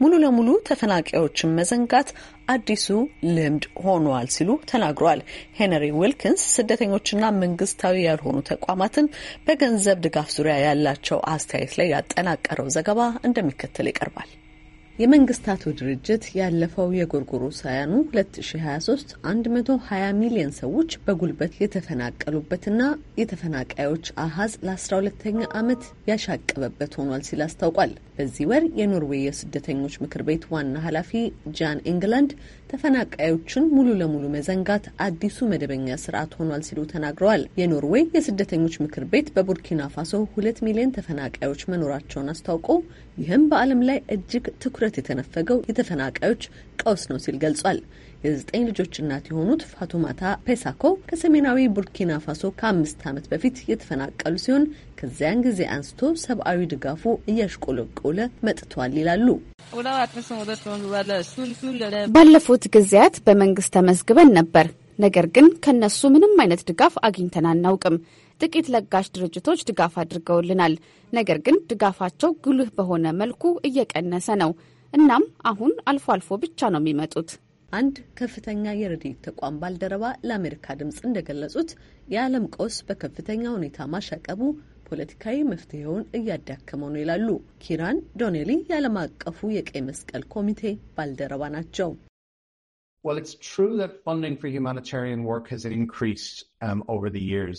ሙሉ ለሙሉ ተፈናቃዮችን መዘንጋት አዲሱ ልምድ ሆኗል ሲሉ ተናግረዋል። ሄነሪ ዊልኪንስ ስደተኞችና መንግስታዊ ያልሆኑ ተቋማትን በገንዘብ ድጋፍ ዙሪያ ያላቸው አስተያየት ላይ ያጠናቀረው ዘገባ እንደሚከተል ይቀርባል። የመንግስታቱ ድርጅት ያለፈው የጎርጎሮ ሳያኑ 2023 120 ሚሊዮን ሰዎች በጉልበት የተፈናቀሉበትና የተፈናቃዮች አሃዝ ለ12ተኛ ዓመት ያሻቀበበት ሆኗል ሲል አስታውቋል። በዚህ ወር የኖርዌይ የስደተኞች ምክር ቤት ዋና ኃላፊ ጃን ኢንግላንድ ተፈናቃዮችን ሙሉ ለሙሉ መዘንጋት አዲሱ መደበኛ ስርዓት ሆኗል ሲሉ ተናግረዋል። የኖርዌይ የስደተኞች ምክር ቤት በቡርኪና ፋሶ ሁለት ሚሊዮን ተፈናቃዮች መኖራቸውን አስታውቆ ይህም በዓለም ላይ እጅግ ትኩረት የተነፈገው የተፈናቃዮች ቀውስ ነው ሲል ገልጿል። የዘጠኝ ልጆች እናት የሆኑት ፋቱማታ ፔሳኮ ከሰሜናዊ ቡርኪና ፋሶ ከአምስት ዓመት በፊት የተፈናቀሉ ሲሆን ከዚያን ጊዜ አንስቶ ሰብአዊ ድጋፉ እያሽቆለቆለ መጥቷል ይላሉ። ባለፉት ጊዜያት በመንግስት ተመዝግበን ነበር። ነገር ግን ከነሱ ምንም አይነት ድጋፍ አግኝተን አናውቅም። ጥቂት ለጋሽ ድርጅቶች ድጋፍ አድርገውልናል። ነገር ግን ድጋፋቸው ጉልህ በሆነ መልኩ እየቀነሰ ነው። እናም አሁን አልፎ አልፎ ብቻ ነው የሚመጡት። አንድ ከፍተኛ የረድኤት ተቋም ባልደረባ ለአሜሪካ ድምፅ እንደገለጹት የዓለም ቀውስ በከፍተኛ ሁኔታ ማሻቀቡ ፖለቲካዊ መፍትሄውን እያዳከመው ነው ይላሉ። ኪራን ዶኔሊ የዓለም አቀፉ የቀይ መስቀል ኮሚቴ ባልደረባ ናቸው። Well, it's true that funding for humanitarian work has increased um, over the years.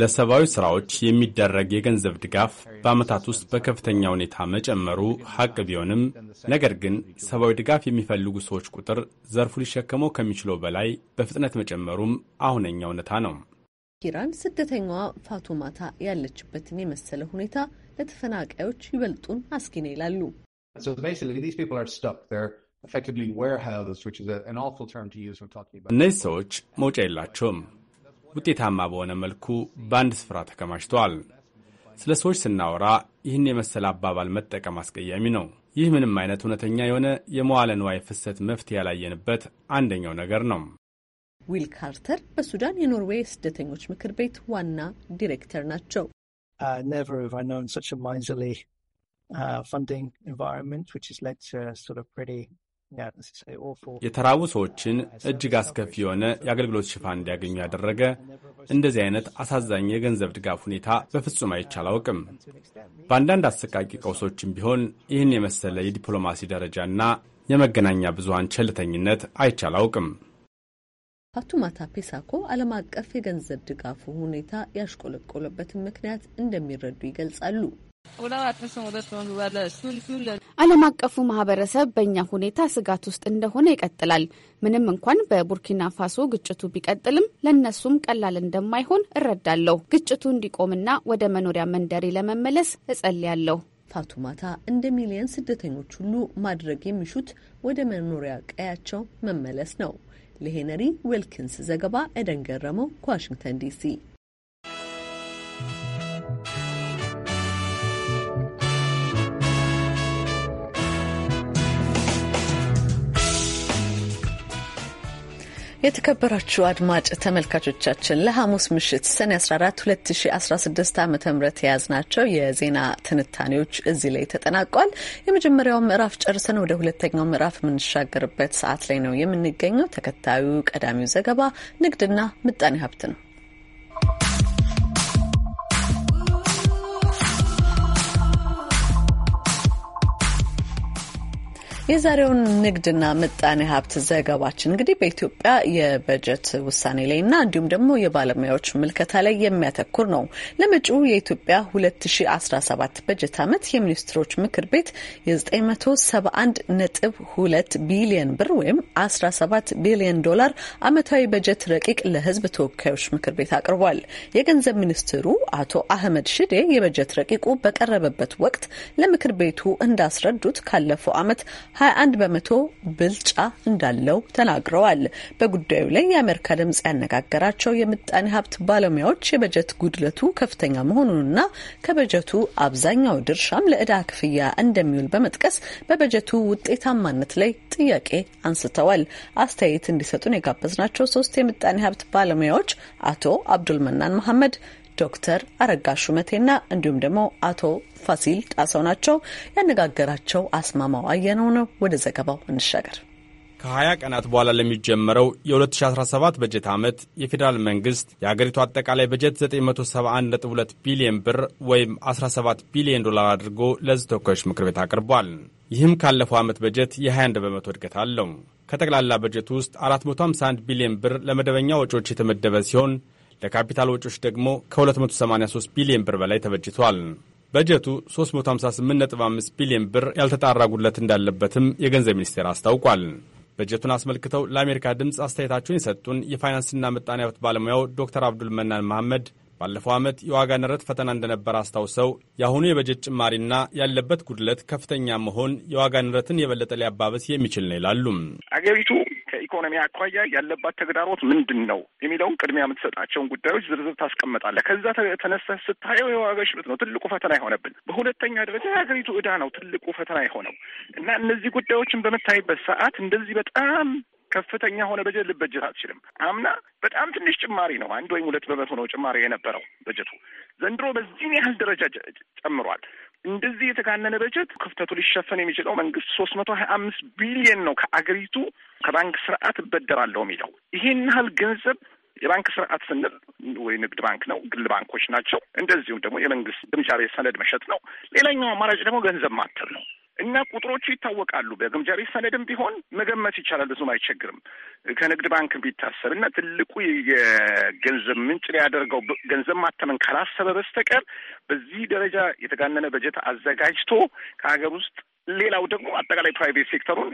ለሰብአዊ ሥራዎች የሚደረግ የገንዘብ ድጋፍ በዓመታት ውስጥ በከፍተኛ ሁኔታ መጨመሩ ሐቅ ቢሆንም ነገር ግን ሰብአዊ ድጋፍ የሚፈልጉ ሰዎች ቁጥር ዘርፉ ሊሸከመው ከሚችለው በላይ በፍጥነት መጨመሩም አሁነኛ እውነታ ነው። ኪራን ስደተኛዋ ፋቱማታ ያለችበትን የመሰለ ሁኔታ ለተፈናቃዮች ይበልጡን አስጊ ነው ይላሉ። እነዚህ ሰዎች መውጫ የላቸውም። ውጤታማ በሆነ መልኩ በአንድ ስፍራ ተከማችተዋል። ስለ ሰዎች ስናወራ ይህን የመሰለ አባባል መጠቀም አስቀያሚ ነው። ይህ ምንም አይነት እውነተኛ የሆነ የመዋለ ንዋይ ፍሰት መፍትሄ ያላየንበት አንደኛው ነገር ነው። ዊል ካርተር በሱዳን የኖርዌይ ስደተኞች ምክር ቤት ዋና ዲሬክተር ናቸው። uh, የተራቡ ሰዎችን እጅግ አስከፊ የሆነ የአገልግሎት ሽፋን እንዲያገኙ ያደረገ እንደዚህ አይነት አሳዛኝ የገንዘብ ድጋፍ ሁኔታ በፍጹም አይቻል አላውቅም። በአንዳንድ አሰቃቂ ቀውሶችም ቢሆን ይህን የመሰለ የዲፕሎማሲ ደረጃና የመገናኛ ብዙሃን ቸልተኝነት አይቻል አውቅም። ፋቱማታ ፔሳኮ ዓለም አቀፍ የገንዘብ ድጋፉ ሁኔታ ያሽቆለቆለበትን ምክንያት እንደሚረዱ ይገልጻሉ። ዓለም አቀፉ ማህበረሰብ በእኛ ሁኔታ ስጋት ውስጥ እንደሆነ ይቀጥላል። ምንም እንኳን በቡርኪና ፋሶ ግጭቱ ቢቀጥልም ለእነሱም ቀላል እንደማይሆን እረዳለሁ። ግጭቱ እንዲቆምና ወደ መኖሪያ መንደሬ ለመመለስ እጸልያለሁ። ፋቱማታ እንደ ሚሊየን ስደተኞች ሁሉ ማድረግ የሚሹት ወደ መኖሪያ ቀያቸው መመለስ ነው። ለሄነሪ ዌልኪንስ ዘገባ ኤደን ገረመው ከዋሽንግተን ዲሲ የተከበራችሁ አድማጭ ተመልካቾቻችን ለሐሙስ ምሽት ሰኔ 14 2016 ዓ ም የያዝናቸው የዜና ትንታኔዎች እዚህ ላይ ተጠናቋል። የመጀመሪያው ምዕራፍ ጨርሰን ወደ ሁለተኛው ምዕራፍ የምንሻገርበት ሰዓት ላይ ነው የምንገኘው። ተከታዩ ቀዳሚው ዘገባ ንግድና ምጣኔ ሀብት ነው። የዛሬውን ንግድና ምጣኔ ሀብት ዘገባችን እንግዲህ በኢትዮጵያ የበጀት ውሳኔ ላይና እንዲሁም ደግሞ የባለሙያዎች ምልከታ ላይ የሚያተኩር ነው። ለመጪው የኢትዮጵያ 2017 በጀት ዓመት የሚኒስትሮች ምክር ቤት የ971 ነጥብ 2 ቢሊየን ብር ወይም 17 ቢሊየን ዶላር ዓመታዊ በጀት ረቂቅ ለሕዝብ ተወካዮች ምክር ቤት አቅርቧል። የገንዘብ ሚኒስትሩ አቶ አህመድ ሽዴ የበጀት ረቂቁ በቀረበበት ወቅት ለምክር ቤቱ እንዳስረዱት ካለፈው ዓመት 21 በመቶ ብልጫ እንዳለው ተናግረዋል። በጉዳዩ ላይ የአሜሪካ ድምጽ ያነጋገራቸው የምጣኔ ሀብት ባለሙያዎች የበጀት ጉድለቱ ከፍተኛ መሆኑንና ከበጀቱ አብዛኛው ድርሻም ለእዳ ክፍያ እንደሚውል በመጥቀስ በበጀቱ ውጤታማነት ላይ ጥያቄ አንስተዋል። አስተያየት እንዲሰጡን የጋበዝናቸው ሶስት የምጣኔ ሀብት ባለሙያዎች አቶ አብዱል መናን መሐመድ ዶክተር አረጋ ሹመቴና እንዲሁም ደግሞ አቶ ፋሲል ጣሰው ናቸው ያነጋገራቸው። አስማማው አየነው ነው። ወደ ዘገባው እንሻገር። ከ20 ቀናት በኋላ ለሚጀመረው የ2017 በጀት ዓመት የፌዴራል መንግሥት የአገሪቱ አጠቃላይ በጀት 971.2 ቢሊዮን ብር ወይም 17 ቢሊዮን ዶላር አድርጎ ለሕዝብ ተወካዮች ምክር ቤት አቅርቧል። ይህም ካለፈው ዓመት በጀት የ21 በመቶ እድገት አለው። ከጠቅላላ በጀቱ ውስጥ 451 ቢሊዮን ብር ለመደበኛ ወጪዎች የተመደበ ሲሆን ለካፒታል ወጪዎች ደግሞ ከ283 ቢሊዮን ብር በላይ ተበጅቷል። በጀቱ 358.5 ቢሊዮን ብር ያልተጣራ ጉድለት እንዳለበትም የገንዘብ ሚኒስቴር አስታውቋል። በጀቱን አስመልክተው ለአሜሪካ ድምፅ አስተያየታቸውን የሰጡን የፋይናንስና ምጣኔ ሀብት ባለሙያው ዶክተር አብዱል መናን መሐመድ ባለፈው ዓመት የዋጋ ንረት ፈተና እንደነበረ አስታውሰው የአሁኑ የበጀት ጭማሪና ያለበት ጉድለት ከፍተኛ መሆን የዋጋ ንረትን የበለጠ ሊያባበስ የሚችል ነው ይላሉም። አገሪቱ ከኢኮኖሚ አኳያ ያለባት ተግዳሮት ምንድን ነው የሚለውን ቅድሚያ የምትሰጣቸውን ጉዳዮች ዝርዝር ታስቀምጣለህ። ከዛ ተነሳ ስታየው የዋጋ ግሽበት ነው ትልቁ ፈተና የሆነብን። በሁለተኛ ደረጃ የሀገሪቱ እዳ ነው ትልቁ ፈተና የሆነው እና እነዚህ ጉዳዮችን በምታይበት ሰዓት እንደዚህ በጣም ከፍተኛ ሆነ በጀት ልበጀት አትችልም። አምና በጣም ትንሽ ጭማሪ ነው፣ አንድ ወይም ሁለት በመቶ ነው ጭማሪ የነበረው በጀቱ። ዘንድሮ በዚህን ያህል ደረጃ ጨምሯል። እንደዚህ የተጋነነ በጀት ክፍተቱ ሊሸፈን የሚችለው መንግስት ሶስት መቶ ሀያ አምስት ቢሊየን ነው ከአገሪቱ ከባንክ ስርዓት እበደራለሁ የሚለው ይሄን ያህል ገንዘብ የባንክ ስርዓት ስንል ወይ ንግድ ባንክ ነው፣ ግል ባንኮች ናቸው። እንደዚሁም ደግሞ የመንግስት ግምጃ ቤት ሰነድ መሸጥ ነው። ሌላኛው አማራጭ ደግሞ ገንዘብ ማተም ነው። እና ቁጥሮቹ ይታወቃሉ። በግምጃ ቤት ሰነድም ቢሆን መገመት ይቻላል። ብዙም አይቸግርም። ከንግድ ባንክ ቢታሰብ እና ትልቁ የገንዘብ ምንጭ ሊያደርገው ገንዘብ ማተመን ካላሰበ በስተቀር በዚህ ደረጃ የተጋነነ በጀት አዘጋጅቶ ከሀገር ውስጥ ሌላው ደግሞ አጠቃላይ ፕራይቬት ሴክተሩን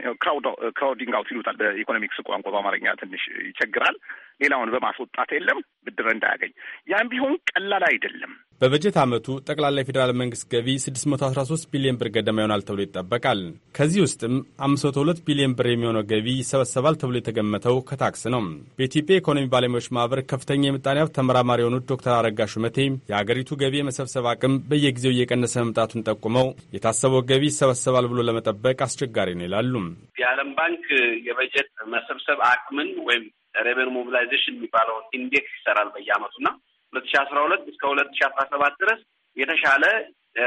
ክራውዲንግ አውት ይሉታል በኢኮኖሚክስ ቋንቋ፣ በአማርኛ ትንሽ ይቸግራል። ሌላውን በማስወጣት የለም ብድር እንዳያገኝ። ያም ቢሆን ቀላል አይደለም። በበጀት ዓመቱ ጠቅላላ የፌዴራል መንግሥት ገቢ 613 ቢሊዮን ብር ገደማ ይሆናል ተብሎ ይጠበቃል። ከዚህ ውስጥም 502 ቢሊዮን ብር የሚሆነው ገቢ ይሰበሰባል ተብሎ የተገመተው ከታክስ ነው። በኢትዮጵያ የኢኮኖሚ ባለሙያዎች ማህበር ከፍተኛ የምጣኔ ሀብት ተመራማሪ የሆኑት ዶክተር አረጋ ሹመቴ የአገሪቱ ገቢ የመሰብሰብ አቅም በየጊዜው እየቀነሰ መምጣቱን ጠቁመው የታሰበው ገቢ ይሰበሰባል ብሎ ለመጠበቅ አስቸጋሪ ነው ይላሉ። የዓለም ባንክ የበጀት መሰብሰብ አቅምን ወይም ሬቨን ሞቢላይዜሽን የሚባለውን ኢንዴክስ ይሰራል በየአመቱና ሁለት ሺ አስራ ሁለት እስከ ሁለት ሺ አስራ ሰባት ድረስ የተሻለ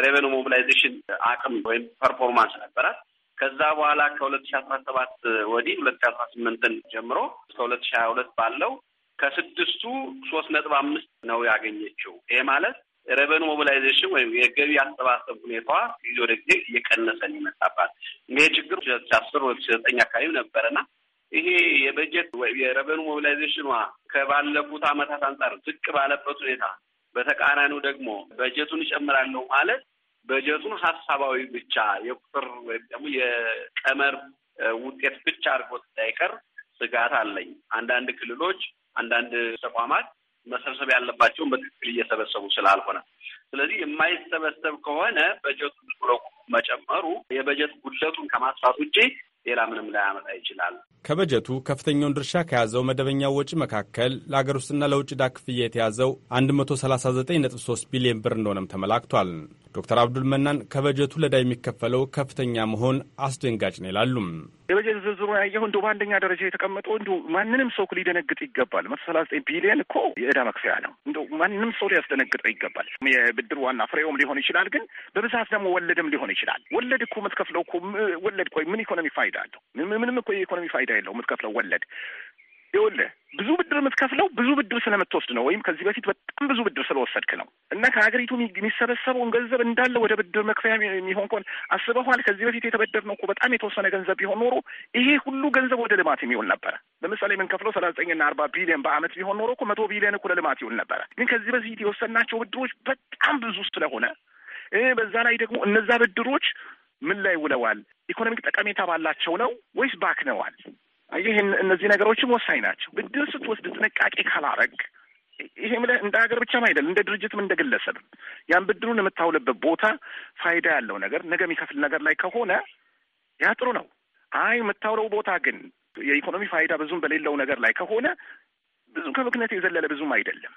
ሬቨኑ ሞቢላይዜሽን አቅም ወይም ፐርፎርማንስ ነበራት። ከዛ በኋላ ከሁለት ሺ አስራ ሰባት ወዲህ ሁለት ሺ አስራ ስምንትን ጀምሮ እስከ ሁለት ሺ ሀያ ሁለት ባለው ከስድስቱ ሶስት ነጥብ አምስት ነው ያገኘችው። ይሄ ማለት ሬቨኑ ሞቢላይዜሽን ወይም የገቢ አሰባሰብ ሁኔታዋ ጊዜ ወደ ጊዜ እየቀነሰን ይመጣባል። ይሄ ችግር ሁለት ሺ አስር ሁለት ሺ ዘጠኝ አካባቢ ነበረና ይሄ የበጀት የረቨኑ ሞቢላይዜሽኗ ከባለፉት ዓመታት አንጻር ዝቅ ባለበት ሁኔታ በተቃራኒው ደግሞ በጀቱን እጨምራለሁ ማለት በጀቱን ሀሳባዊ ብቻ የቁጥር ወይም ደግሞ የቀመር ውጤት ብቻ አድርጎት እንዳይቀር ስጋት አለኝ። አንዳንድ ክልሎች፣ አንዳንድ ተቋማት መሰብሰብ ያለባቸውን በትክክል እየሰበሰቡ ስላልሆነ፣ ስለዚህ የማይሰበሰብ ከሆነ በጀቱን ብሎ መጨመሩ የበጀት ጉድለቱን ከማስፋት ውጭ ሌላ ምንም ላያመጣ ይችላል። ከበጀቱ ከፍተኛውን ድርሻ ከያዘው መደበኛው ወጪ መካከል ለአገር ውስጥና ለውጭ ዕዳ ክፍያ የተያዘው 139.3 ቢሊዮን ብር እንደሆነም ተመላክቷል። ዶክተር አብዱል መናን ከበጀቱ ለዳ የሚከፈለው ከፍተኛ መሆን አስደንጋጭ ነው ይላሉ። የበጀት ዝርዝሩ ያየሁ እንዲሁ በአንደኛ ደረጃ የተቀመጠው እንዲሁ ማንንም ሰው ሊደነግጥ ይገባል። መቶ ሰላሳ ዘጠኝ ቢሊየን እኮ የእዳ መክፈያ ነው። እንዲ ማንም ሰው ሊያስደነግጠው ይገባል። የብድር ዋና ፍሬውም ሊሆን ይችላል፣ ግን በብዛት ደግሞ ወለድም ሊሆን ይችላል። ወለድ እኮ የምትከፍለው እኮ ወለድ ቆይ ምን ኢኮኖሚ ፋይዳ አለው? ምንም እኮ የኢኮኖሚ ፋይዳ የለው የምትከፍለው ወለድ ይኸውልህ ብዙ ብድር የምትከፍለው ብዙ ብድር ስለምትወስድ ነው፣ ወይም ከዚህ በፊት በጣም ብዙ ብድር ስለወሰድክ ነው። እና ከሀገሪቱ የሚሰበሰበውን ገንዘብ እንዳለ ወደ ብድር መክፈያ የሚሆን ከሆነ አስበኋል። ከዚህ በፊት የተበደርነው እኮ በጣም የተወሰነ ገንዘብ ቢሆን ኖሮ ይሄ ሁሉ ገንዘብ ወደ ልማት የሚውል ነበረ። ለምሳሌ የምንከፍለው ሰላሳ ዘጠኝና አርባ ቢሊዮን በአመት ቢሆን ኖሮ እኮ መቶ ቢሊዮን እኮ ለልማት ይውል ነበረ። ግን ከዚህ በፊት የወሰድናቸው ብድሮች በጣም ብዙ ስለሆነ በዛ ላይ ደግሞ እነዛ ብድሮች ምን ላይ ውለዋል? ኢኮኖሚክ ጠቀሜታ ባላቸው ነው ወይስ ባክነዋል? ይህን እነዚህ ነገሮችም ወሳኝ ናቸው። ብድር ስትወስድ ጥንቃቄ ካላረግ ይሄ ምለ እንደ ሀገር ብቻም አይደለም እንደ ድርጅትም እንደ ግለሰብም ያን ብድሩን የምታውልበት ቦታ ፋይዳ ያለው ነገር ነገ የሚከፍል ነገር ላይ ከሆነ ያ ጥሩ ነው። አይ የምታውለው ቦታ ግን የኢኮኖሚ ፋይዳ ብዙም በሌለው ነገር ላይ ከሆነ ብዙ ከምክንያት የዘለለ ብዙም አይደለም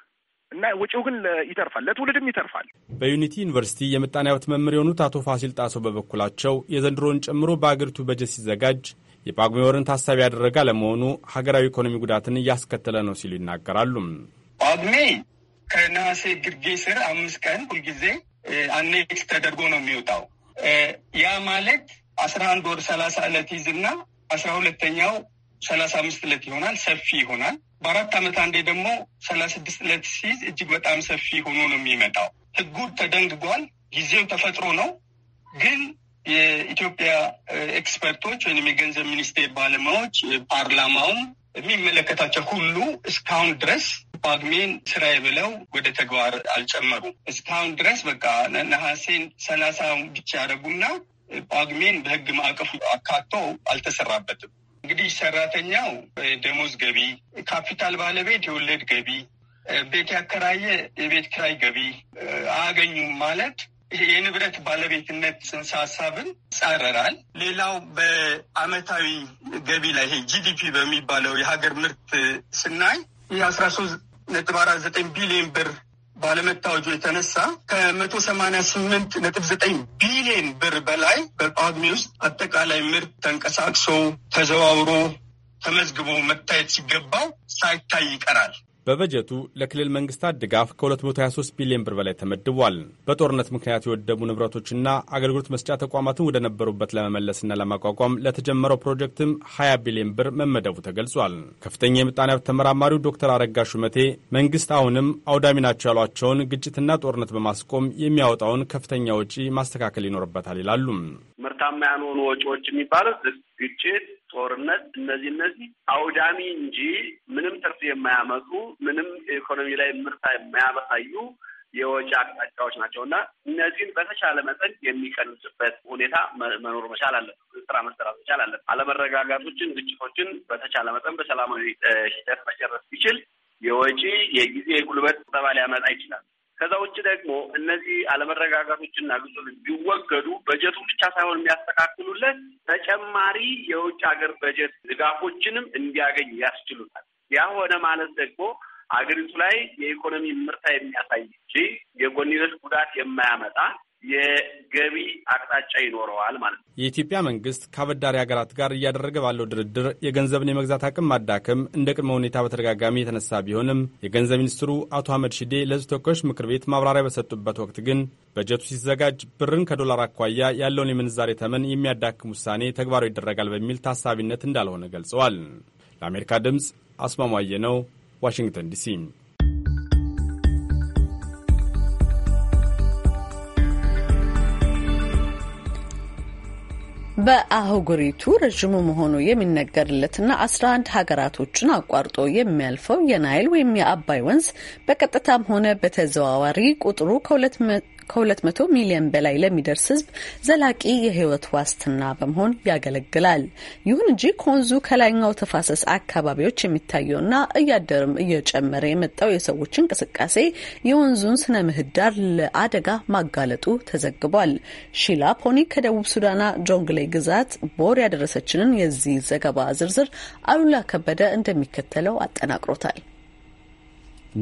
እና ወጪው ግን ይተርፋል፣ ለትውልድም ይተርፋል። በዩኒቲ ዩኒቨርሲቲ የምጣኔ ሀብት መምህር የሆኑት አቶ ፋሲል ጣሶ በበኩላቸው የዘንድሮን ጨምሮ በአገሪቱ በጀት ሲዘጋጅ የጳጉሜ ወርን ታሳቢ ያደረገ አለመሆኑ ሀገራዊ ኢኮኖሚ ጉዳትን እያስከተለ ነው ሲሉ ይናገራሉ። ጳጉሜ ከነሐሴ ግርጌ ስር አምስት ቀን ሁልጊዜ አኔክስ ተደርጎ ነው የሚወጣው። ያ ማለት አስራ አንድ ወር ሰላሳ ዕለት ይዝና አስራ ሁለተኛው ሰላሳ አምስት ዕለት ይሆናል። ሰፊ ይሆናል። በአራት ዓመት አንዴ ደግሞ ሰላሳ ስድስት ዕለት ሲይዝ እጅግ በጣም ሰፊ ሆኖ ነው የሚመጣው። ህጉ ተደንግጓል። ጊዜው ተፈጥሮ ነው ግን የኢትዮጵያ ኤክስፐርቶች ወይም የገንዘብ ሚኒስቴር ባለሙያዎች፣ ፓርላማውም የሚመለከታቸው ሁሉ እስካሁን ድረስ ጳጉሜን ስራዬ ብለው ወደ ተግባር አልጨመሩም። እስካሁን ድረስ በቃ ነሐሴን ሰላሳውን ብቻ ያደረጉና ጳጉሜን በህግ ማዕቀፉ አካቶ አልተሰራበትም። እንግዲህ ሰራተኛው ደሞዝ ገቢ፣ ካፒታል ባለቤት የወለድ ገቢ፣ ቤት ያከራየ የቤት ክራይ ገቢ አያገኙም ማለት የንብረት ባለቤትነት ጽንሰ ሀሳብን ጻረራል። ሌላው በአመታዊ ገቢ ላይ ይሄ ጂዲፒ በሚባለው የሀገር ምርት ስናይ ይህ አስራ ሶስት ነጥብ አራት ዘጠኝ ቢሊዮን ብር ባለመታወጁ የተነሳ ከመቶ ሰማኒያ ስምንት ነጥብ ዘጠኝ ቢሊዮን ብር በላይ በጳጉሜ ውስጥ አጠቃላይ ምርት ተንቀሳቅሶ ተዘዋውሮ ተመዝግቦ መታየት ሲገባው ሳይታይ ይቀራል። በበጀቱ ለክልል መንግስታት ድጋፍ ከ223 ቢሊዮን ብር በላይ ተመድቧል። በጦርነት ምክንያት የወደሙ ንብረቶችና አገልግሎት መስጫ ተቋማትን ወደ ነበሩበት ለመመለስና ለማቋቋም ለተጀመረው ፕሮጀክትም 20 ቢሊዮን ብር መመደቡ ተገልጿል። ከፍተኛ የምጣኔ ሀብት ተመራማሪው ዶክተር አረጋ ሹመቴ መንግስት አሁንም አውዳሚ ናቸው ያሏቸውን ግጭትና ጦርነት በማስቆም የሚያወጣውን ከፍተኛ ወጪ ማስተካከል ይኖርበታል ይላሉ። ምርታማ ያልሆኑ ወጪዎች የሚባሉት ግጭት፣ ጦርነት እነዚህ እነዚህ አውዳሚ እንጂ ምንም ትርፍ የማያመጡ ምንም ኢኮኖሚ ላይ ምርታ የማያበሳዩ የወጪ አቅጣጫዎች ናቸው እና እነዚህን በተቻለ መጠን የሚቀንስበት ሁኔታ መኖር መቻል አለበት። ስራ መሰራት መቻል አለበት። አለመረጋጋቶችን፣ ግጭቶችን በተቻለ መጠን በሰላማዊ ሂደት መጨረስ ሲችል የወጪ የጊዜ የጉልበት ቁጠባ ሊያመጣ ይችላል። ከዛ ውጭ ደግሞ እነዚህ አለመረጋጋቶችና ግጭቶች ቢወገዱ በጀቱን ብቻ ሳይሆን የሚያስተካክሉለት ተጨማሪ የውጭ ሀገር በጀት ድጋፎችንም እንዲያገኝ ያስችሉታል። ያ ሆነ ማለት ደግሞ አገሪቱ ላይ የኢኮኖሚ ምርታ የሚያሳይ እንጂ የጎንዮሽ ጉዳት የማያመጣ የገቢ አቅጣጫ ይኖረዋል ማለት ነው። የኢትዮጵያ መንግስት ከአበዳሪ ሀገራት ጋር እያደረገ ባለው ድርድር የገንዘብን የመግዛት አቅም ማዳከም እንደ ቅድመ ሁኔታ በተደጋጋሚ የተነሳ ቢሆንም የገንዘብ ሚኒስትሩ አቶ አህመድ ሺዴ ለሕዝብ ተወካዮች ምክር ቤት ማብራሪያ በሰጡበት ወቅት ግን በጀቱ ሲዘጋጅ ብርን ከዶላር አኳያ ያለውን የምንዛሬ ተመን የሚያዳክም ውሳኔ ተግባራዊ ይደረጋል በሚል ታሳቢነት እንዳልሆነ ገልጸዋል። ለአሜሪካ ድምፅ አስማማየ ነው፣ ዋሽንግተን ዲሲ በአህጉሪቱ ረዥሙ መሆኑ የሚነገርለትና አስራ አንድ ሀገራቶችን አቋርጦ የሚያልፈው የናይል ወይም የአባይ ወንዝ በቀጥታም ሆነ በተዘዋዋሪ ቁጥሩ ከሁለት ከ200 ሚሊዮን በላይ ለሚደርስ ህዝብ ዘላቂ የህይወት ዋስትና በመሆን ያገለግላል። ይሁን እንጂ ከወንዙ ከላይኛው ተፋሰስ አካባቢዎች የሚታየውና እያደርም እየጨመረ የመጣው የሰዎች እንቅስቃሴ የወንዙን ስነ ምህዳር ለአደጋ ማጋለጡ ተዘግቧል። ሺላ ፖኒ ከደቡብ ሱዳና ጆንግሌ ግዛት ቦር ያደረሰችንን የዚህ ዘገባ ዝርዝር አሉላ ከበደ እንደሚከተለው አጠናቅሮታል።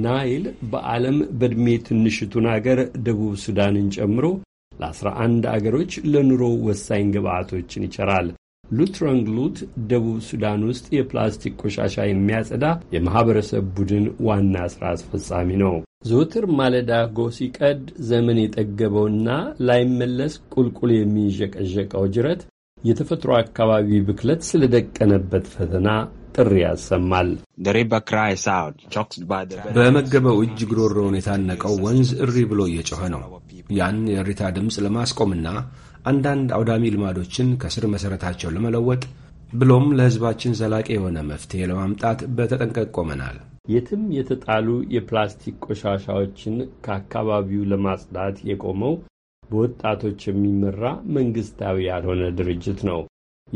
ናይል በዓለም በዕድሜ ትንሽቱን አገር ደቡብ ሱዳንን ጨምሮ ለ11 አገሮች ለኑሮ ወሳኝ ግብዓቶችን ይቸራል። ሉትረንግሉት ደቡብ ሱዳን ውስጥ የፕላስቲክ ቆሻሻ የሚያጸዳ የማኅበረሰብ ቡድን ዋና ሥራ አስፈጻሚ ነው። ዘወትር ማለዳ ጎ ሲቀድ ዘመን የጠገበውና ላይመለስ ቁልቁል የሚንዠቀዠቀው ጅረት የተፈጥሮ አካባቢ ብክለት ስለደቀነበት ፈተና ጥሪ ያሰማል። በመገበው እጅ ግሮሮውን የታነቀው ወንዝ እሪ ብሎ እየጮኸ ነው። ያን የእሪታ ድምፅ ለማስቆምና አንዳንድ አውዳሚ ልማዶችን ከስር መሠረታቸው ለመለወጥ ብሎም ለሕዝባችን ዘላቂ የሆነ መፍትሄ ለማምጣት በተጠንቀቅ ቆመናል። የትም የተጣሉ የፕላስቲክ ቆሻሻዎችን ከአካባቢው ለማጽዳት የቆመው በወጣቶች የሚመራ መንግሥታዊ ያልሆነ ድርጅት ነው።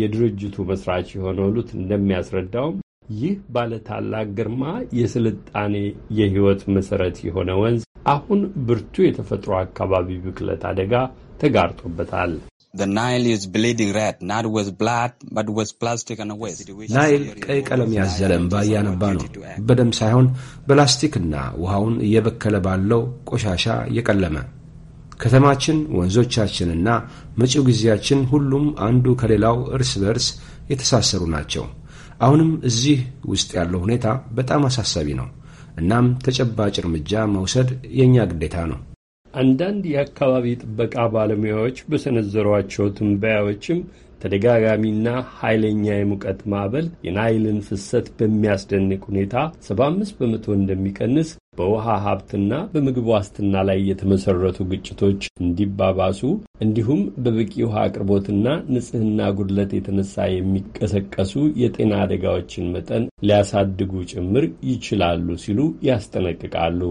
የድርጅቱ መስራች የሆነው ሉት እንደሚያስረዳውም ይህ ባለ ታላቅ ግርማ የስልጣኔ የህይወት መሰረት የሆነ ወንዝ አሁን ብርቱ የተፈጥሮ አካባቢ ብክለት አደጋ ተጋርጦበታል። ናይል ቀይ ቀለም ያዘለ እንባ እያነባ ነው። በደም ሳይሆን በላስቲክና ውሃውን እየበከለ ባለው ቆሻሻ እየቀለመ ከተማችን፣ ወንዞቻችንና መጪው ጊዜያችን ሁሉም አንዱ ከሌላው እርስ በርስ የተሳሰሩ ናቸው። አሁንም እዚህ ውስጥ ያለው ሁኔታ በጣም አሳሳቢ ነው። እናም ተጨባጭ እርምጃ መውሰድ የእኛ ግዴታ ነው። አንዳንድ የአካባቢ ጥበቃ ባለሙያዎች በሰነዘሯቸው ትንበያዎችም ተደጋጋሚና ኃይለኛ የሙቀት ማዕበል የናይልን ፍሰት በሚያስደንቅ ሁኔታ 75 በመቶ እንደሚቀንስ በውሃ ሀብትና በምግብ ዋስትና ላይ የተመሰረቱ ግጭቶች እንዲባባሱ እንዲሁም በበቂ ውሃ አቅርቦትና ንጽህና ጉድለት የተነሳ የሚቀሰቀሱ የጤና አደጋዎችን መጠን ሊያሳድጉ ጭምር ይችላሉ ሲሉ ያስጠነቅቃሉ።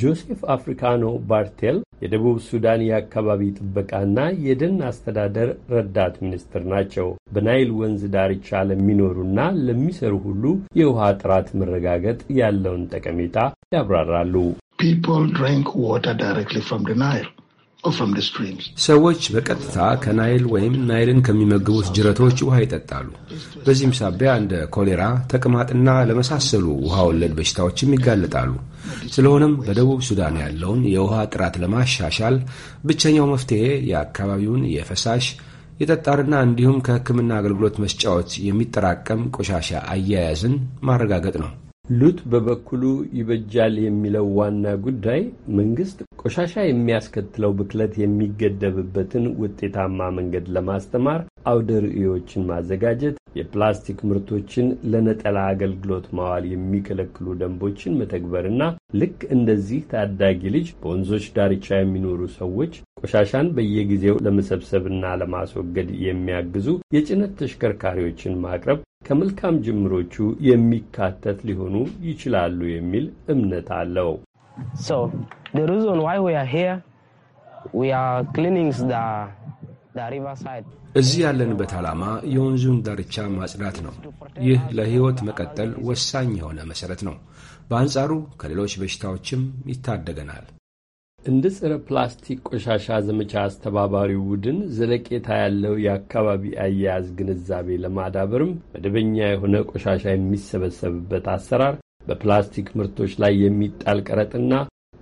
ጆሴፍ አፍሪካኖ ባርቴል የደቡብ ሱዳን የአካባቢ ጥበቃና የደን አስተዳደር ረዳት ሚኒስትር ናቸው። በናይል ወንዝ ዳርቻ ለሚኖሩና ለሚሰሩ ሁሉ የውሃ ጥራት መረጋገጥ ያለውን ጠቀሜታ ያብራራሉ። ፒፕል ድሪንክ ዋተር ዳይሬክትሊ ፍሮም ናይል ሰዎች በቀጥታ ከናይል ወይም ናይልን ከሚመግቡት ጅረቶች ውሃ ይጠጣሉ። በዚህም ሳቢያ እንደ ኮሌራ፣ ተቅማጥና ለመሳሰሉ ውሃ ወለድ በሽታዎችም ይጋለጣሉ። ስለሆነም በደቡብ ሱዳን ያለውን የውሃ ጥራት ለማሻሻል ብቸኛው መፍትሄ የአካባቢውን የፈሳሽ የጠጣርና እንዲሁም ከሕክምና አገልግሎት መስጫዎች የሚጠራቀም ቆሻሻ አያያዝን ማረጋገጥ ነው። ሉት በበኩሉ ይበጃል የሚለው ዋና ጉዳይ መንግስት ቆሻሻ የሚያስከትለው ብክለት የሚገደብበትን ውጤታማ መንገድ ለማስተማር አውደ ርዕዮችን ማዘጋጀት፣ የፕላስቲክ ምርቶችን ለነጠላ አገልግሎት ማዋል የሚከለክሉ ደንቦችን መተግበርና ልክ እንደዚህ ታዳጊ ልጅ በወንዞች ዳርቻ የሚኖሩ ሰዎች ቆሻሻን በየጊዜው ለመሰብሰብና ለማስወገድ የሚያግዙ የጭነት ተሽከርካሪዎችን ማቅረብ ከመልካም ጅምሮቹ የሚካተት ሊሆኑ ይችላሉ የሚል እምነት አለው። እዚህ ያለንበት ዓላማ የወንዙን ዳርቻ ማጽዳት ነው። ይህ ለሕይወት መቀጠል ወሳኝ የሆነ መሠረት ነው። በአንጻሩ ከሌሎች በሽታዎችም ይታደገናል። እንደ ጸረ ፕላስቲክ ቆሻሻ ዘመቻ አስተባባሪ ቡድን ዘለቄታ ያለው የአካባቢ አያያዝ ግንዛቤ ለማዳበርም መደበኛ የሆነ ቆሻሻ የሚሰበሰብበት አሰራር፣ በፕላስቲክ ምርቶች ላይ የሚጣል ቀረጥና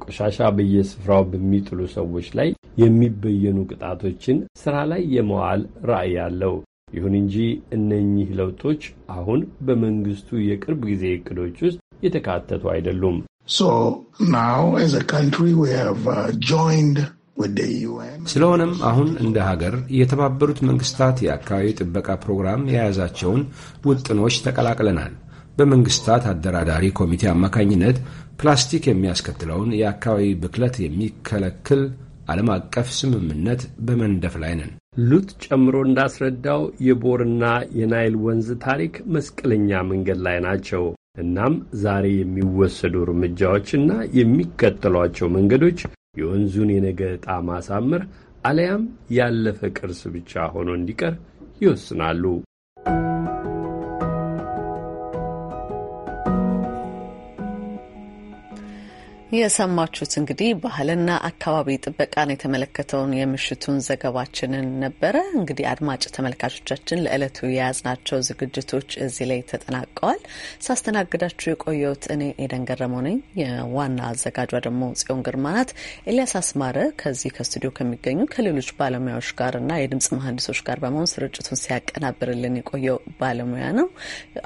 ቆሻሻ በየስፍራው በሚጥሉ ሰዎች ላይ የሚበየኑ ቅጣቶችን ስራ ላይ የመዋል ራዕይ አለው። ይሁን እንጂ እነኚህ ለውጦች አሁን በመንግስቱ የቅርብ ጊዜ እቅዶች ውስጥ የተካተቱ አይደሉም። Uh, ስለሆነም አሁን እንደ ሀገር የተባበሩት መንግስታት የአካባቢ ጥበቃ ፕሮግራም የያዛቸውን ውጥኖች ተቀላቅለናል። በመንግስታት አደራዳሪ ኮሚቴ አማካኝነት ፕላስቲክ የሚያስከትለውን የአካባቢ ብክለት የሚከለክል ዓለም አቀፍ ስምምነት በመንደፍ ላይ ነን። ሉት ጨምሮ እንዳስረዳው የቦርና የናይል ወንዝ ታሪክ መስቀለኛ መንገድ ላይ ናቸው። እናም ዛሬ የሚወሰዱ እርምጃዎችና የሚከተሏቸው መንገዶች የወንዙን የነገ ዕጣ ማሳመር አለያም ያለፈ ቅርስ ብቻ ሆኖ እንዲቀር ይወስናሉ። የሰማችሁት እንግዲህ ባህልና አካባቢ ጥበቃን የተመለከተውን የምሽቱን ዘገባችንን ነበረ። እንግዲህ አድማጭ ተመልካቾቻችን ለዕለቱ የያዝናቸው ዝግጅቶች እዚህ ላይ ተጠናቀዋል። ሳስተናግዳችሁ የቆየሁት እኔ ኤደን ገረመው ነኝ። የዋና አዘጋጇ ደግሞ ጽዮን ግርማ ናት። ኤልያስ አስማረ ከዚህ ከስቱዲዮ ከሚገኙ ከሌሎች ባለሙያዎች ጋርና የድምጽ መሀንዲሶች ጋር በመሆን ስርጭቱን ሲያቀናብርልን የቆየው ባለሙያ ነው።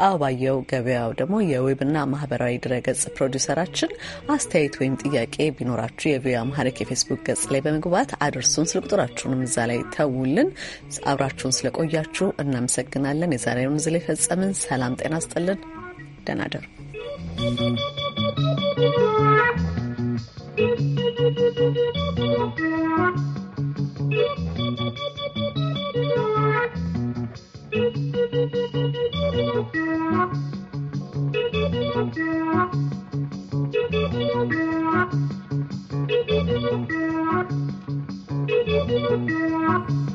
አበባየው ገበያው ደግሞ የዌብና ማህበራዊ ድረገጽ ፕሮዲውሰራችን አስተያየት አስተያየት ወይም ጥያቄ ቢኖራችሁ የቪኦኤ አምሃሪክ የፌስቡክ ገጽ ላይ በመግባት አድርሱን። ስልክ ቁጥራችሁንም እዛ ላይ ተውልን። አብራችሁን ስለቆያችሁ እናመሰግናለን። የዛሬውን እዚህ ላይ ፈጸምን። ሰላም ጤና ስጥልን። ደህና ደሩ Thank you. Thank you.